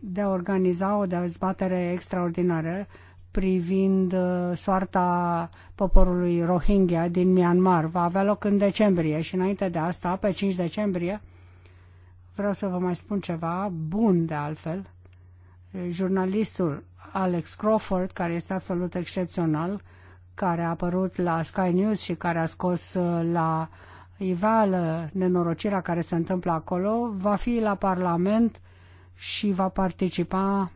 de a organiza o dezbatere extraordinară privind uh, soarta poporului Rohingya din Myanmar. Va avea loc în decembrie și înainte de asta, pe 5 decembrie, vreau să vă mai spun ceva bun de altfel. Jurnalistul Alex Crawford, care este absolut excepțional, care a apărut la Sky News și care a scos uh, la iveală nenorocirea care se întâmplă acolo, va fi la Parlament și va participa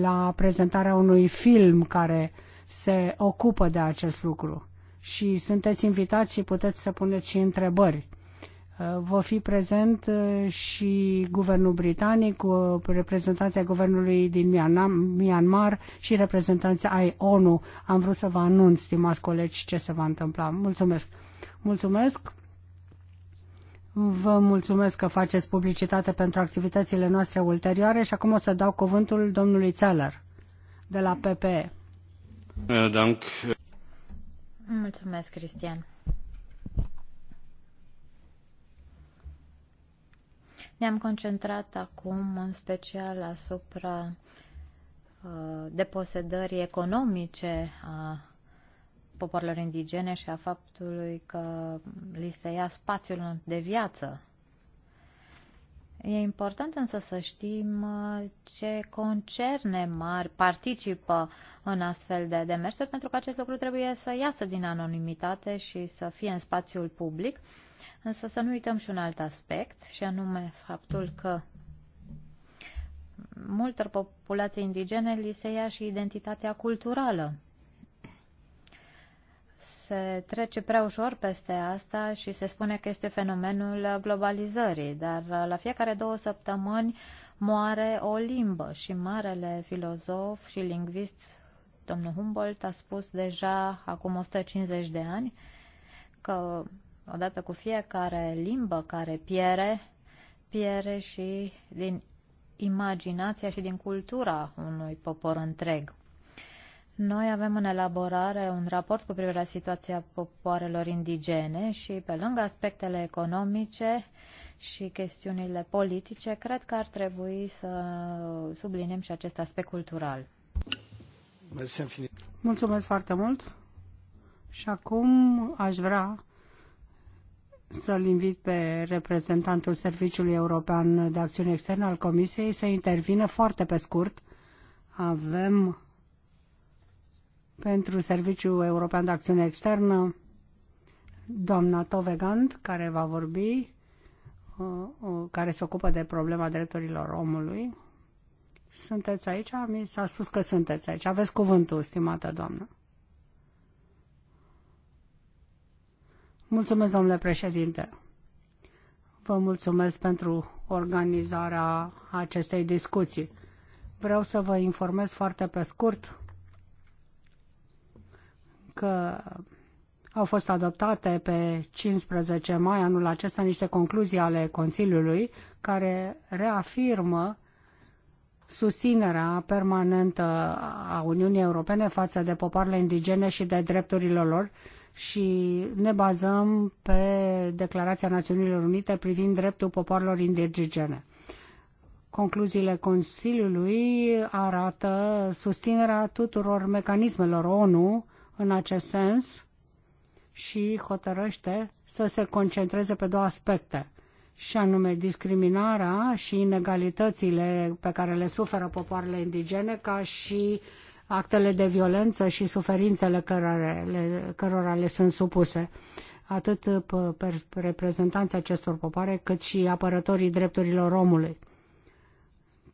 la prezentarea unui film care se ocupă de acest lucru. Și sunteți invitați și puteți să puneți și întrebări. Uh, vă fi prezent uh, și guvernul britanic, cu uh, reprezentanții guvernului din Myanmar și reprezentanții ai ONU. Am vrut să vă anunț, stimați colegi, ce se va întâmpla. Mulțumesc! Mulțumesc! Vă mulțumesc că faceți publicitate pentru activitățile noastre ulterioare și acum o să dau cuvântul domnului Țeller de la PPE. Dank. Mulțumesc, Cristian. Ne-am concentrat acum în special asupra uh, deposedării economice a popoarelor indigene și a faptului că li se ia spațiul de viață. E important însă să știm uh, ce concerne mari participă în astfel de demersuri, pentru că acest lucru trebuie să iasă din anonimitate și să fie în spațiul public. Însă să nu uităm și un alt aspect, și anume faptul că multor populații indigene li se ia și identitatea culturală se trece prea ușor peste asta și se spune că este fenomenul globalizării, dar la fiecare două săptămâni moare o limbă și marele filozof și lingvist domnul Humboldt a spus deja acum 150 de ani că odată cu fiecare limbă care piere, piere și din imaginația și din cultura unui popor întreg. Noi avem în elaborare un raport cu privire la situația popoarelor indigene și pe lângă aspectele economice și chestiunile politice, cred că ar trebui să subliniem și acest aspect cultural. Mulțumesc foarte mult și acum aș vrea să-l invit pe reprezentantul Serviciului European de Acțiune Externă al Comisiei să intervină foarte pe scurt. Avem pentru Serviciul European de Acțiune Externă, doamna Tovegand, care va vorbi, uh, uh, care se ocupă de problema drepturilor omului. Sunteți aici? Mi s-a spus că sunteți aici. Aveți cuvântul, stimată doamnă. Mulțumesc, domnule președinte. Vă mulțumesc pentru organizarea acestei discuții. Vreau să vă informez foarte pe scurt că au fost adoptate pe 15 mai anul acesta niște concluzii ale Consiliului care reafirmă susținerea permanentă a Uniunii Europene față de popoarele indigene și de drepturile lor și ne bazăm pe Declarația Națiunilor Unite privind dreptul popoarelor indigene. Concluziile Consiliului arată susținerea tuturor mecanismelor ONU în acest sens și hotărăște să se concentreze pe două aspecte, și anume discriminarea și inegalitățile pe care le suferă popoarele indigene, ca și actele de violență și suferințele cărora le, cărora le sunt supuse atât pe reprezentanții acestor popoare, cât și apărătorii drepturilor omului.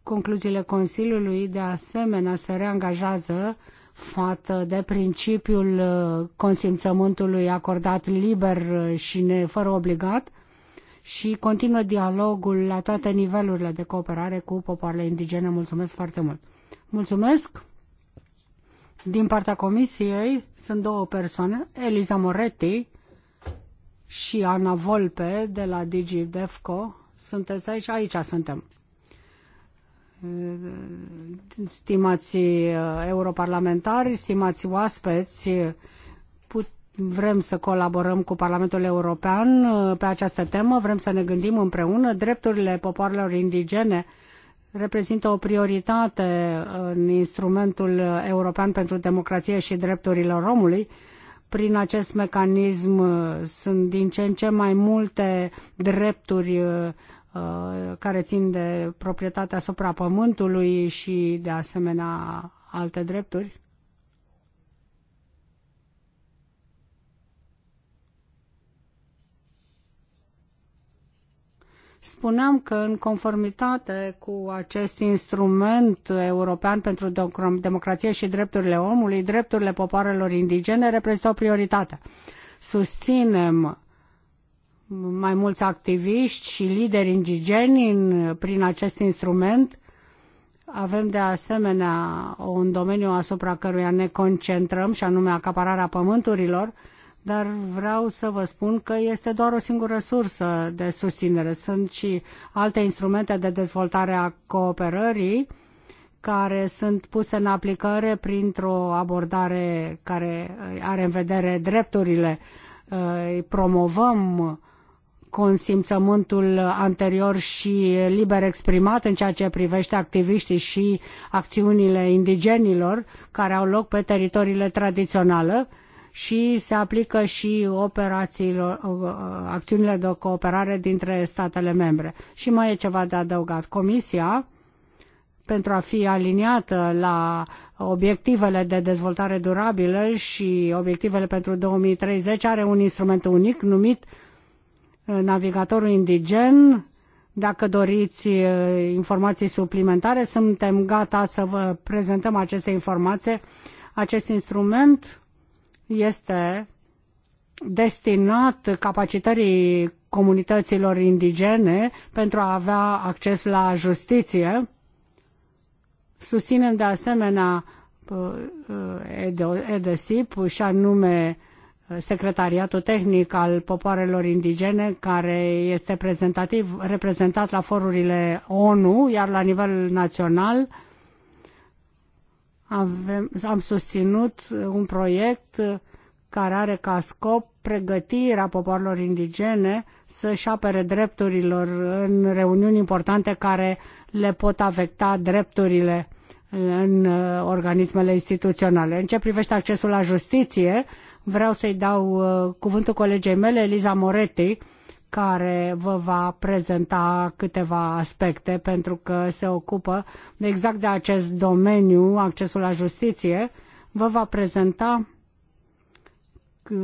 Concluziile Consiliului, de asemenea, se reangajează față de principiul uh, consimțământului acordat liber uh, și ne, fără obligat și continuă dialogul la toate nivelurile de cooperare cu popoarele indigene. Mulțumesc foarte mult! Mulțumesc! Din partea comisiei sunt două persoane, Eliza Moretti și Ana Volpe de la DigiDefco. Sunteți aici? Aici suntem. Mm, stimați uh, europarlamentari, stimați oaspeți, vrem să colaborăm cu Parlamentul European uh, pe această temă, vrem să ne gândim împreună. Drepturile popoarelor indigene reprezintă o prioritate în instrumentul european pentru democrație și drepturile omului. Prin acest mecanism uh, sunt din ce în ce mai multe drepturi Uh, care țin de proprietatea asupra pământului și de asemenea alte drepturi? Spuneam că în conformitate cu acest instrument european pentru democrație și drepturile omului, drepturile popoarelor indigene reprezintă o prioritate. Susținem mai mulți activiști și lideri indigeni în, prin acest instrument. Avem de asemenea un domeniu asupra căruia ne concentrăm și anume acapararea pământurilor, dar vreau să vă spun că este doar o singură sursă de susținere. Sunt și alte instrumente de dezvoltare a cooperării care sunt puse în aplicare printr-o abordare care are în vedere drepturile. Promovăm consimțământul anterior și liber exprimat în ceea ce privește activiștii și acțiunile indigenilor care au loc pe teritoriile tradiționale și se aplică și operațiilor, uh, acțiunile de cooperare dintre statele membre. Și mai e ceva de adăugat. Comisia, pentru a fi aliniată la obiectivele de dezvoltare durabilă și obiectivele pentru 2030, are un instrument unic numit navigatorul indigen. Dacă doriți uh, informații suplimentare, suntem gata să vă prezentăm aceste informații. Acest instrument este destinat capacitării comunităților indigene pentru a avea acces la justiție. Susținem de asemenea uh, uh, EDESIP și anume Secretariatul Tehnic al Popoarelor Indigene, care este prezentativ, reprezentat la forurile ONU, iar la nivel național avem, am susținut un proiect care are ca scop pregătirea popoarelor indigene să-și apere drepturilor în reuniuni importante care le pot afecta drepturile în uh, organismele instituționale. În ce privește accesul la justiție, Vreau să-i dau uh, cuvântul colegei mele, Eliza Moretti, care vă va prezenta câteva aspecte pentru că se ocupă exact de acest domeniu, accesul la justiție. Vă va prezenta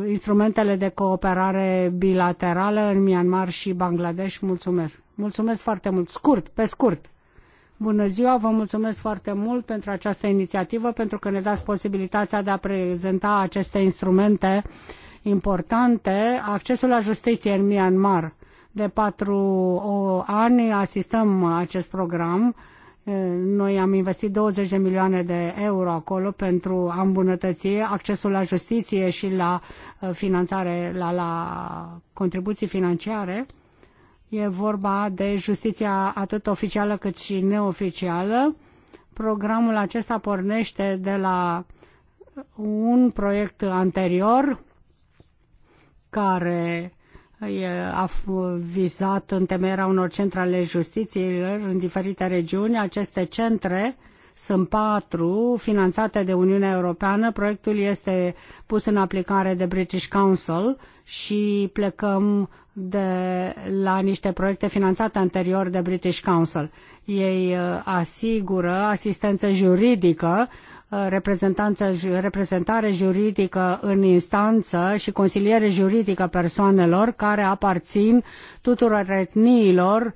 instrumentele de cooperare bilaterală în Myanmar și Bangladesh. Mulțumesc! Mulțumesc foarte mult! Scurt, pe scurt! Bună ziua, vă mulțumesc foarte mult pentru această inițiativă, pentru că ne dați posibilitatea de a prezenta aceste instrumente importante. Accesul la justiție în Myanmar. De patru ani asistăm acest program. Noi am investit 20 de milioane de euro acolo pentru a îmbunătăți accesul la justiție și la finanțare, la, la contribuții financiare E vorba de justiția atât oficială cât și neoficială. Programul acesta pornește de la un proiect anterior care a vizat întemeierea unor centre ale justiției în diferite regiuni. Aceste centre uh, sunt patru finanțate de Uniunea Europeană. Proiectul este pus în aplicare de British Council și plecăm de la niște proiecte finanțate anterior de British Council. Ei uh, asigură asistență juridică uh, reprezentanță, reprezentare juridică în instanță și consiliere juridică persoanelor care aparțin tuturor etniilor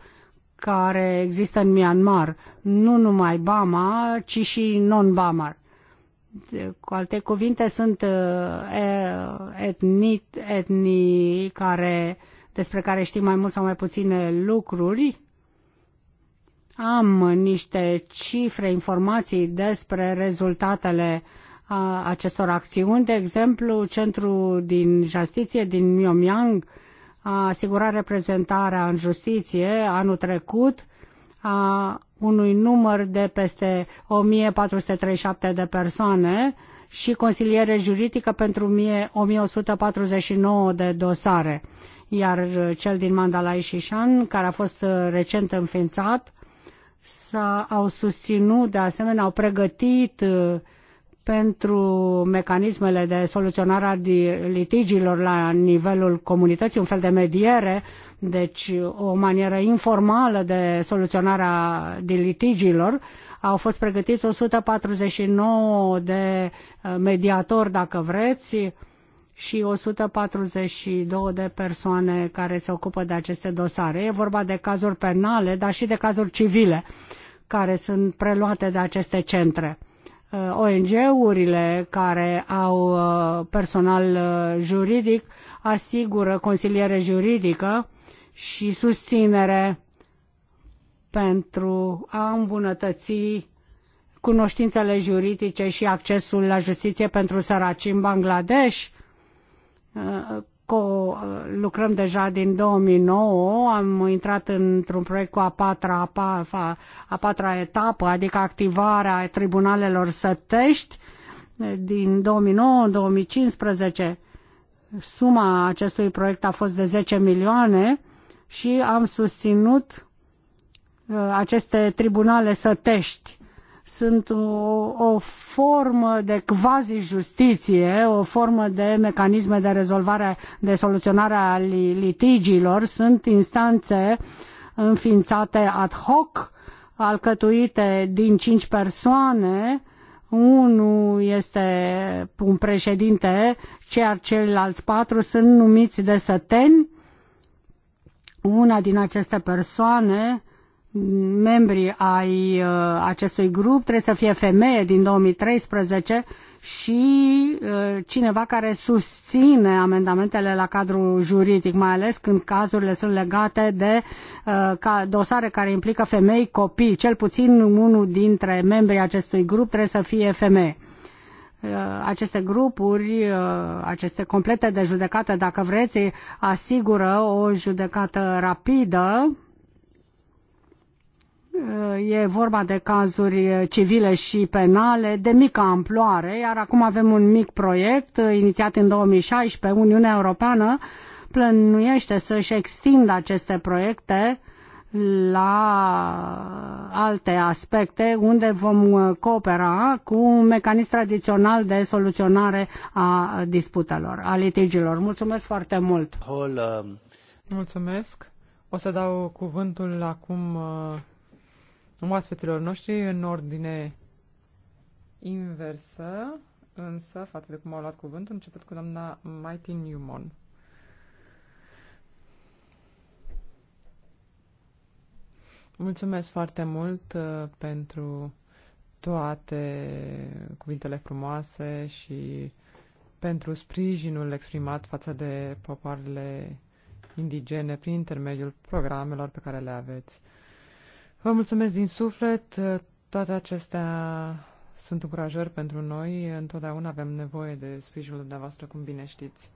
care există în Myanmar, nu numai Bama, ci și non Bama. Cu alte cuvinte, sunt uh, etnii, etnii care, despre care știm mai mult sau mai puține lucruri. Am niște cifre, informații despre rezultatele uh, acestor acțiuni. De exemplu, centrul din justiție din Myomyang, a asigurat reprezentarea în justiție anul trecut a unui număr de peste 1437 de persoane și consiliere juridică pentru 1149 de dosare. Iar uh, cel din Mandalay și Shan, care a fost uh, recent înființat, s-au susținut, de asemenea, au pregătit uh, pentru mecanismele de soluționare a litigiilor la nivelul comunității, un fel de mediere, deci o manieră informală de soluționare a litigiilor. Au fost pregătiți 149 de uh, mediatori, dacă vreți, și 142 de persoane care se ocupă de aceste dosare. E vorba de cazuri penale, dar și de cazuri civile care sunt preluate de aceste centre. Uh, ONG-urile care au uh, personal uh, juridic asigură consiliere juridică și susținere pentru a îmbunătăți cunoștințele juridice și accesul la justiție pentru săraci în Bangladesh co- uh, lucrăm deja din 2009, am intrat într-un proiect cu a patra, a, patra, a patra etapă, adică activarea tribunalelor sătești uh, din 2009-2015. Suma acestui proiect a fost de 10 milioane și am susținut uh, aceste tribunale sătești sunt o, o formă de quasi-justiție, o formă de mecanisme de rezolvare, de soluționare a litigiilor. Sunt instanțe înființate ad hoc, alcătuite din cinci persoane, unul este un președinte, ceea ceilalți patru sunt numiți de săteni. Una din aceste persoane membrii ai uh, acestui grup trebuie să fie femeie din 2013 și uh, cineva care susține amendamentele la cadrul juridic, mai ales când cazurile sunt legate de uh, dosare care implică femei, copii. Cel puțin unul dintre membrii acestui grup trebuie să fie femeie aceste grupuri, aceste complete de judecată, dacă vreți, asigură o judecată rapidă Uh, e vorba de cazuri uh, civile și penale de mică amploare, iar acum avem un mic proiect uh, inițiat în 2016. Uniunea Europeană plănuiește să-și extindă aceste proiecte la alte aspecte unde vom coopera cu un mecanism tradițional de soluționare a disputelor, a litigilor. Mulțumesc foarte mult! Mulțumesc! O să dau cuvântul acum oaspeților noștri în ordine inversă, însă, față de cum au luat cuvântul, începând cu doamna Mighty Newman. Mulțumesc foarte mult uh, pentru toate cuvintele frumoase și pentru sprijinul exprimat față de popoarele indigene prin intermediul programelor pe care le aveți. Vă mulțumesc din suflet. Toate acestea sunt încurajări pentru noi. Întotdeauna avem nevoie de sprijinul dumneavoastră, cum bine știți.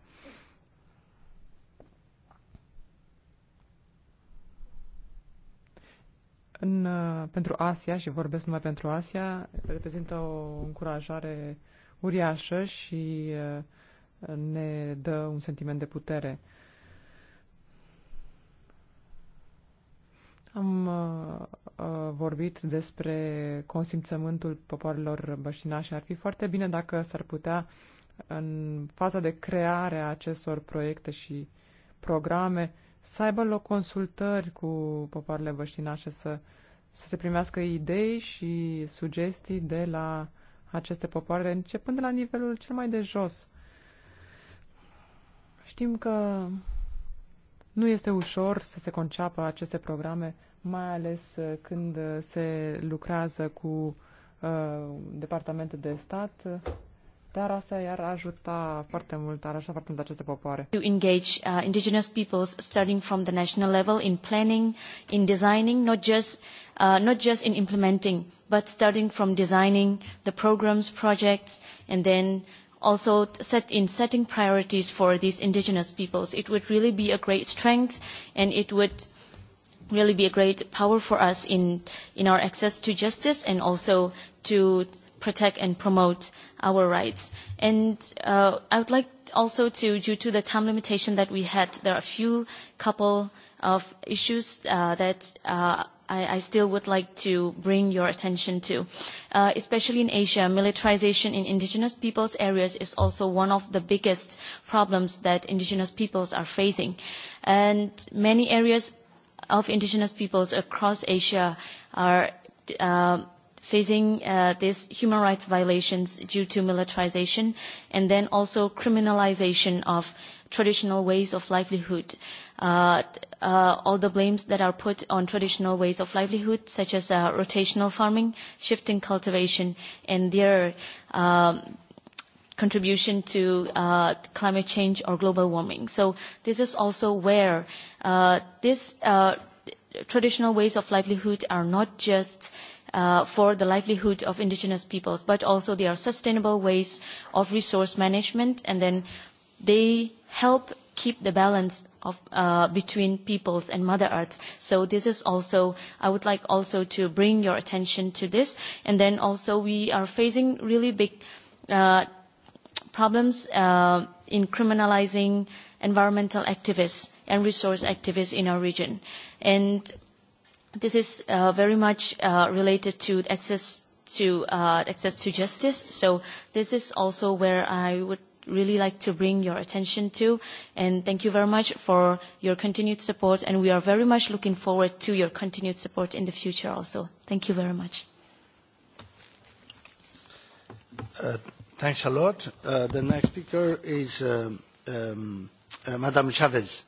În, pentru Asia, și vorbesc numai pentru Asia, reprezintă o încurajare uriașă și ne dă un sentiment de putere. Am uh, uh, vorbit despre consimțământul popoarelor bășinași. Ar fi foarte bine dacă s-ar putea, în faza de creare a acestor proiecte și programe, să aibă loc consultări cu popoarele băștinașe, să, să se primească idei și sugestii de la aceste popoare, începând de la nivelul cel mai de jos. Știm că nu este ușor să se conceapă aceste programe, mai ales uh, când uh, se lucrează cu uh, departamente de stat, dar asta i-ar ajuta foarte mult, ar ajuta foarte mult aceste popoare. To engage uh, indigenous peoples starting from the national level in planning, in designing, not just uh, not just in implementing, but starting from designing the programs, projects, and then also set in setting priorities for these indigenous peoples. It would really be a great strength and it would really be a great power for us in, in our access to justice and also to protect and promote our rights. And uh, I would like also to, due to the time limitation that we had, there are a few couple of issues uh, that uh, I, I still would like to bring your attention to. Uh, especially in Asia, militarization in indigenous peoples' areas is also one of the biggest problems that indigenous peoples are facing. And many areas of indigenous peoples across Asia are uh, facing uh, these human rights violations due to militarization and then also criminalization of traditional ways of livelihood. Uh, Uh, uh, all the blames that are put on traditional ways of livelihood, such as uh, rotational farming, shifting cultivation, and their um, contribution to uh, climate change or global warming. So this is also where uh, these uh, traditional ways of livelihood are not just uh, for the livelihood of indigenous peoples, but also they are sustainable ways of resource management, and then they help keep the balance of, uh, between peoples and Mother Earth. So this is also, I would like also to bring your attention to this. And then also we are facing really big uh, problems uh, in criminalizing environmental activists and resource activists in our region. And this is uh, very much uh, related to access to uh, access to justice. So this is also where I would really like to bring your attention to. And thank you very much for your continued support. And we are very much looking forward to your continued support in the future also. Thank you very much. Uh, thanks a lot. Uh, the next speaker is um, um, uh, Madam Chavez.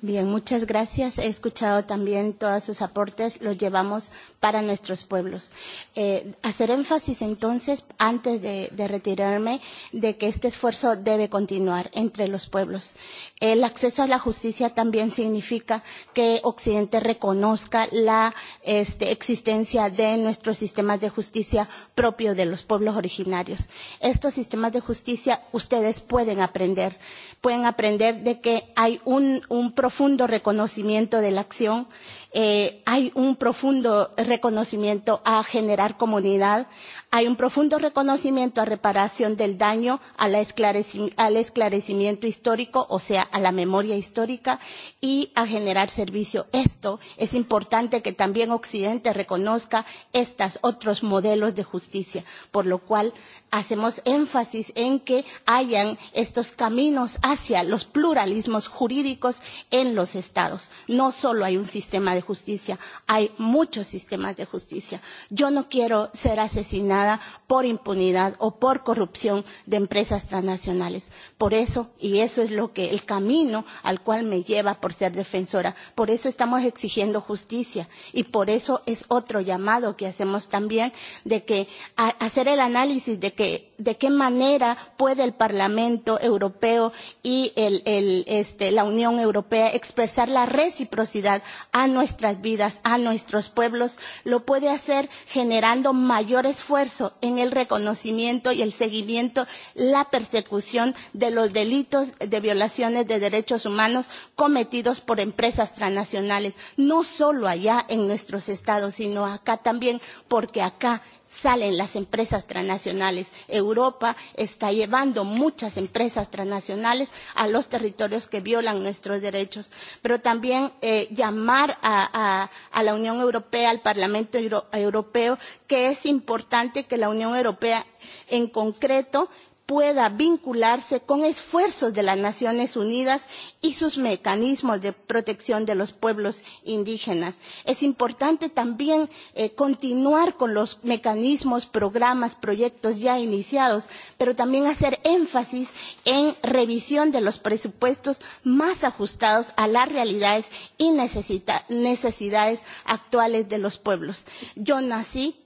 Bien, muchas gracias. He escuchado también todos sus aportes, los llevamos para nuestros pueblos. Eh, hacer énfasis entonces, antes de, de retirarme, de que este esfuerzo debe continuar entre los pueblos. El acceso a la justicia también significa que Occidente reconozca la este, existencia de nuestros sistemas de justicia propio de los pueblos originarios. Estos sistemas de justicia ustedes pueden aprender, pueden aprender de que hay un, un proceso profundo reconocimiento de la acción, eh, hay un profundo reconocimiento a generar comunidad, Hay un profundo reconocimiento a reparación del daño, a la esclareci al esclarecimiento histórico, o sea, a la memoria histórica y a generar servicio. Esto es importante que también Occidente reconozca estos otros modelos de justicia, por lo cual hacemos énfasis en que hayan estos caminos hacia los pluralismos jurídicos en los estados. No solo hay un sistema de justicia, hay muchos sistemas de justicia. Yo no quiero ser asesinada sancionada por impunidad o por corrupción de empresas transnacionales. Por eso, y eso es lo que el camino al cual me lleva por ser defensora, por eso estamos exigiendo justicia y por eso es otro llamado que hacemos también de que a, hacer el análisis de que de qué manera puede el Parlamento Europeo y el, el, este, la Unión Europea expresar la reciprocidad a nuestras vidas, a nuestros pueblos, lo puede hacer generando mayor esfuerzo esfuerzo en el reconocimiento y el seguimiento, la persecución de los delitos de violaciones de derechos humanos cometidos por empresas transnacionales, no solo allá en nuestros estados, sino acá también, porque acá salen las empresas transnacionales. Europa está llevando muchas empresas transnacionales a los territorios que violan nuestros derechos. Pero también eh, llamar a, a, a la Unión Europea, al Parlamento Euro Europeo, que es importante que la Unión Europea en concreto pueda vincularse con esfuerzos de las Naciones Unidas y sus mecanismos de protección de los pueblos indígenas. Es importante también eh, continuar con los mecanismos, programas, proyectos ya iniciados, pero también hacer énfasis en revisión de los presupuestos más ajustados a las realidades y necesidades actuales de los pueblos. Yo nací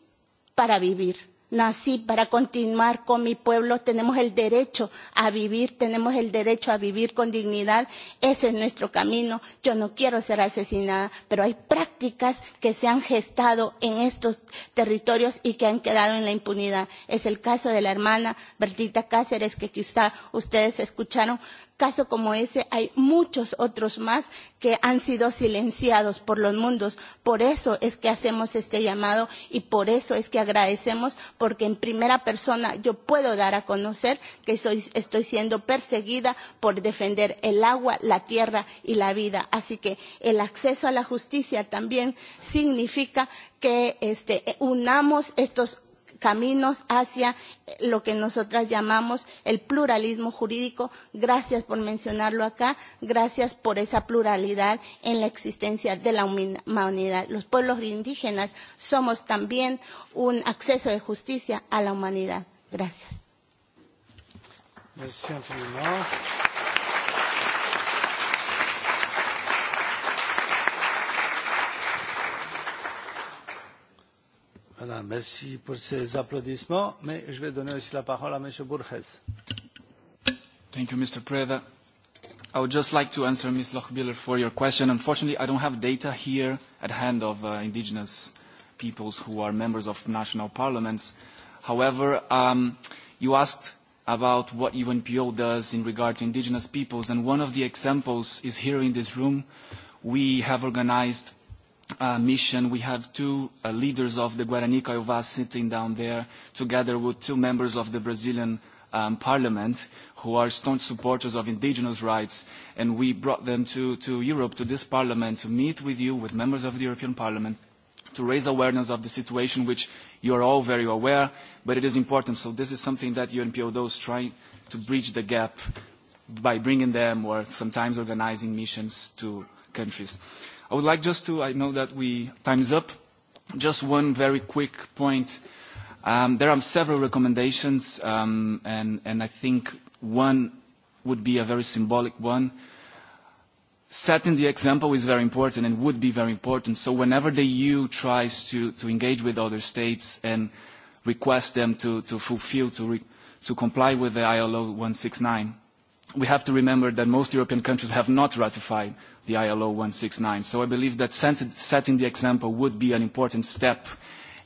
para vivir nací para continuar con mi pueblo, tenemos el derecho a vivir, tenemos el derecho a vivir con dignidad, ese es nuestro camino. Yo no quiero ser asesinada, pero hay prácticas que se han gestado en estos territorios y que han quedado en la impunidad. Es el caso de la hermana Bertita Cáceres, que quizá ustedes escucharon Caso como ese hay muchos otros más que han sido silenciados por los mundos. Por eso es que hacemos este llamado y por eso es que agradecemos porque en primera persona yo puedo dar a conocer que soy, estoy siendo perseguida por defender el agua, la tierra y la vida. Así que el acceso a la justicia también significa que este, unamos estos caminos hacia eh, lo que nosotras llamamos el pluralismo jurídico. Gracias por mencionarlo acá, gracias por esa pluralidad en la existencia de la humanidad. Los pueblos indígenas somos también un acceso de justicia a la humanidad. Gracias. Merci infiniment. Voilà, merci pour ces applaudissements, mais je vais donner aussi la parole à M. Burges. Thank you, Mr. Preda. I would just like to answer Ms. Lochbiller for your question. Unfortunately, I don't have data here at hand of uh, indigenous peoples who are members of national parliaments. However, um, you asked about what UNPO does in regard to indigenous peoples, and one of the examples is here in this room. We have organized Uh, mission. We have two uh, leaders of the Guarani Kaiowa sitting down there together with two members of the Brazilian um, parliament who are staunch supporters of indigenous rights. And we brought them to, to Europe, to this parliament, to meet with you, with members of the European Parliament, to raise awareness of the situation, which you are all very aware, but it is important. So this is something that UNPO is trying to bridge the gap by bringing them or sometimes organizing missions to countries. I would like just to, I know that we time's up, just one very quick point. Um, there are several recommendations, um, and, and I think one would be a very symbolic one. Setting the example is very important and would be very important. So whenever the EU tries to, to engage with other states and request them to, to fulfill, to, re, to comply with the ILO 169, we have to remember that most European countries have not ratified the ILO 169. So I believe that setting the example would be an important step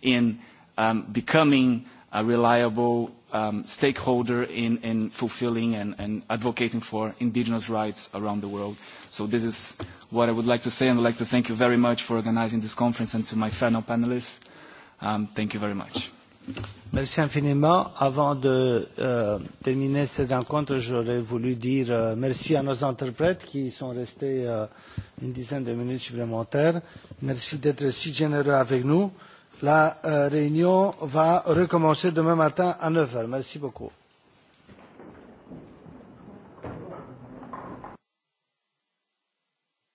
in um, becoming a reliable um, stakeholder in, in fulfilling and, and, advocating for indigenous rights around the world. So this is what I would like to say, and I'd like to thank you very much for organizing this conference and to my fellow panelists. Um, thank you very much. Merci infiniment. Avant de euh, terminer cette rencontre, j'aurais voulu dire euh, merci à nos interprètes qui sont restés euh, une dizaine de minutes supplémentaires. Merci d'être si généreux avec nous. La euh, réunion va recommencer demain matin à 9h. Merci beaucoup.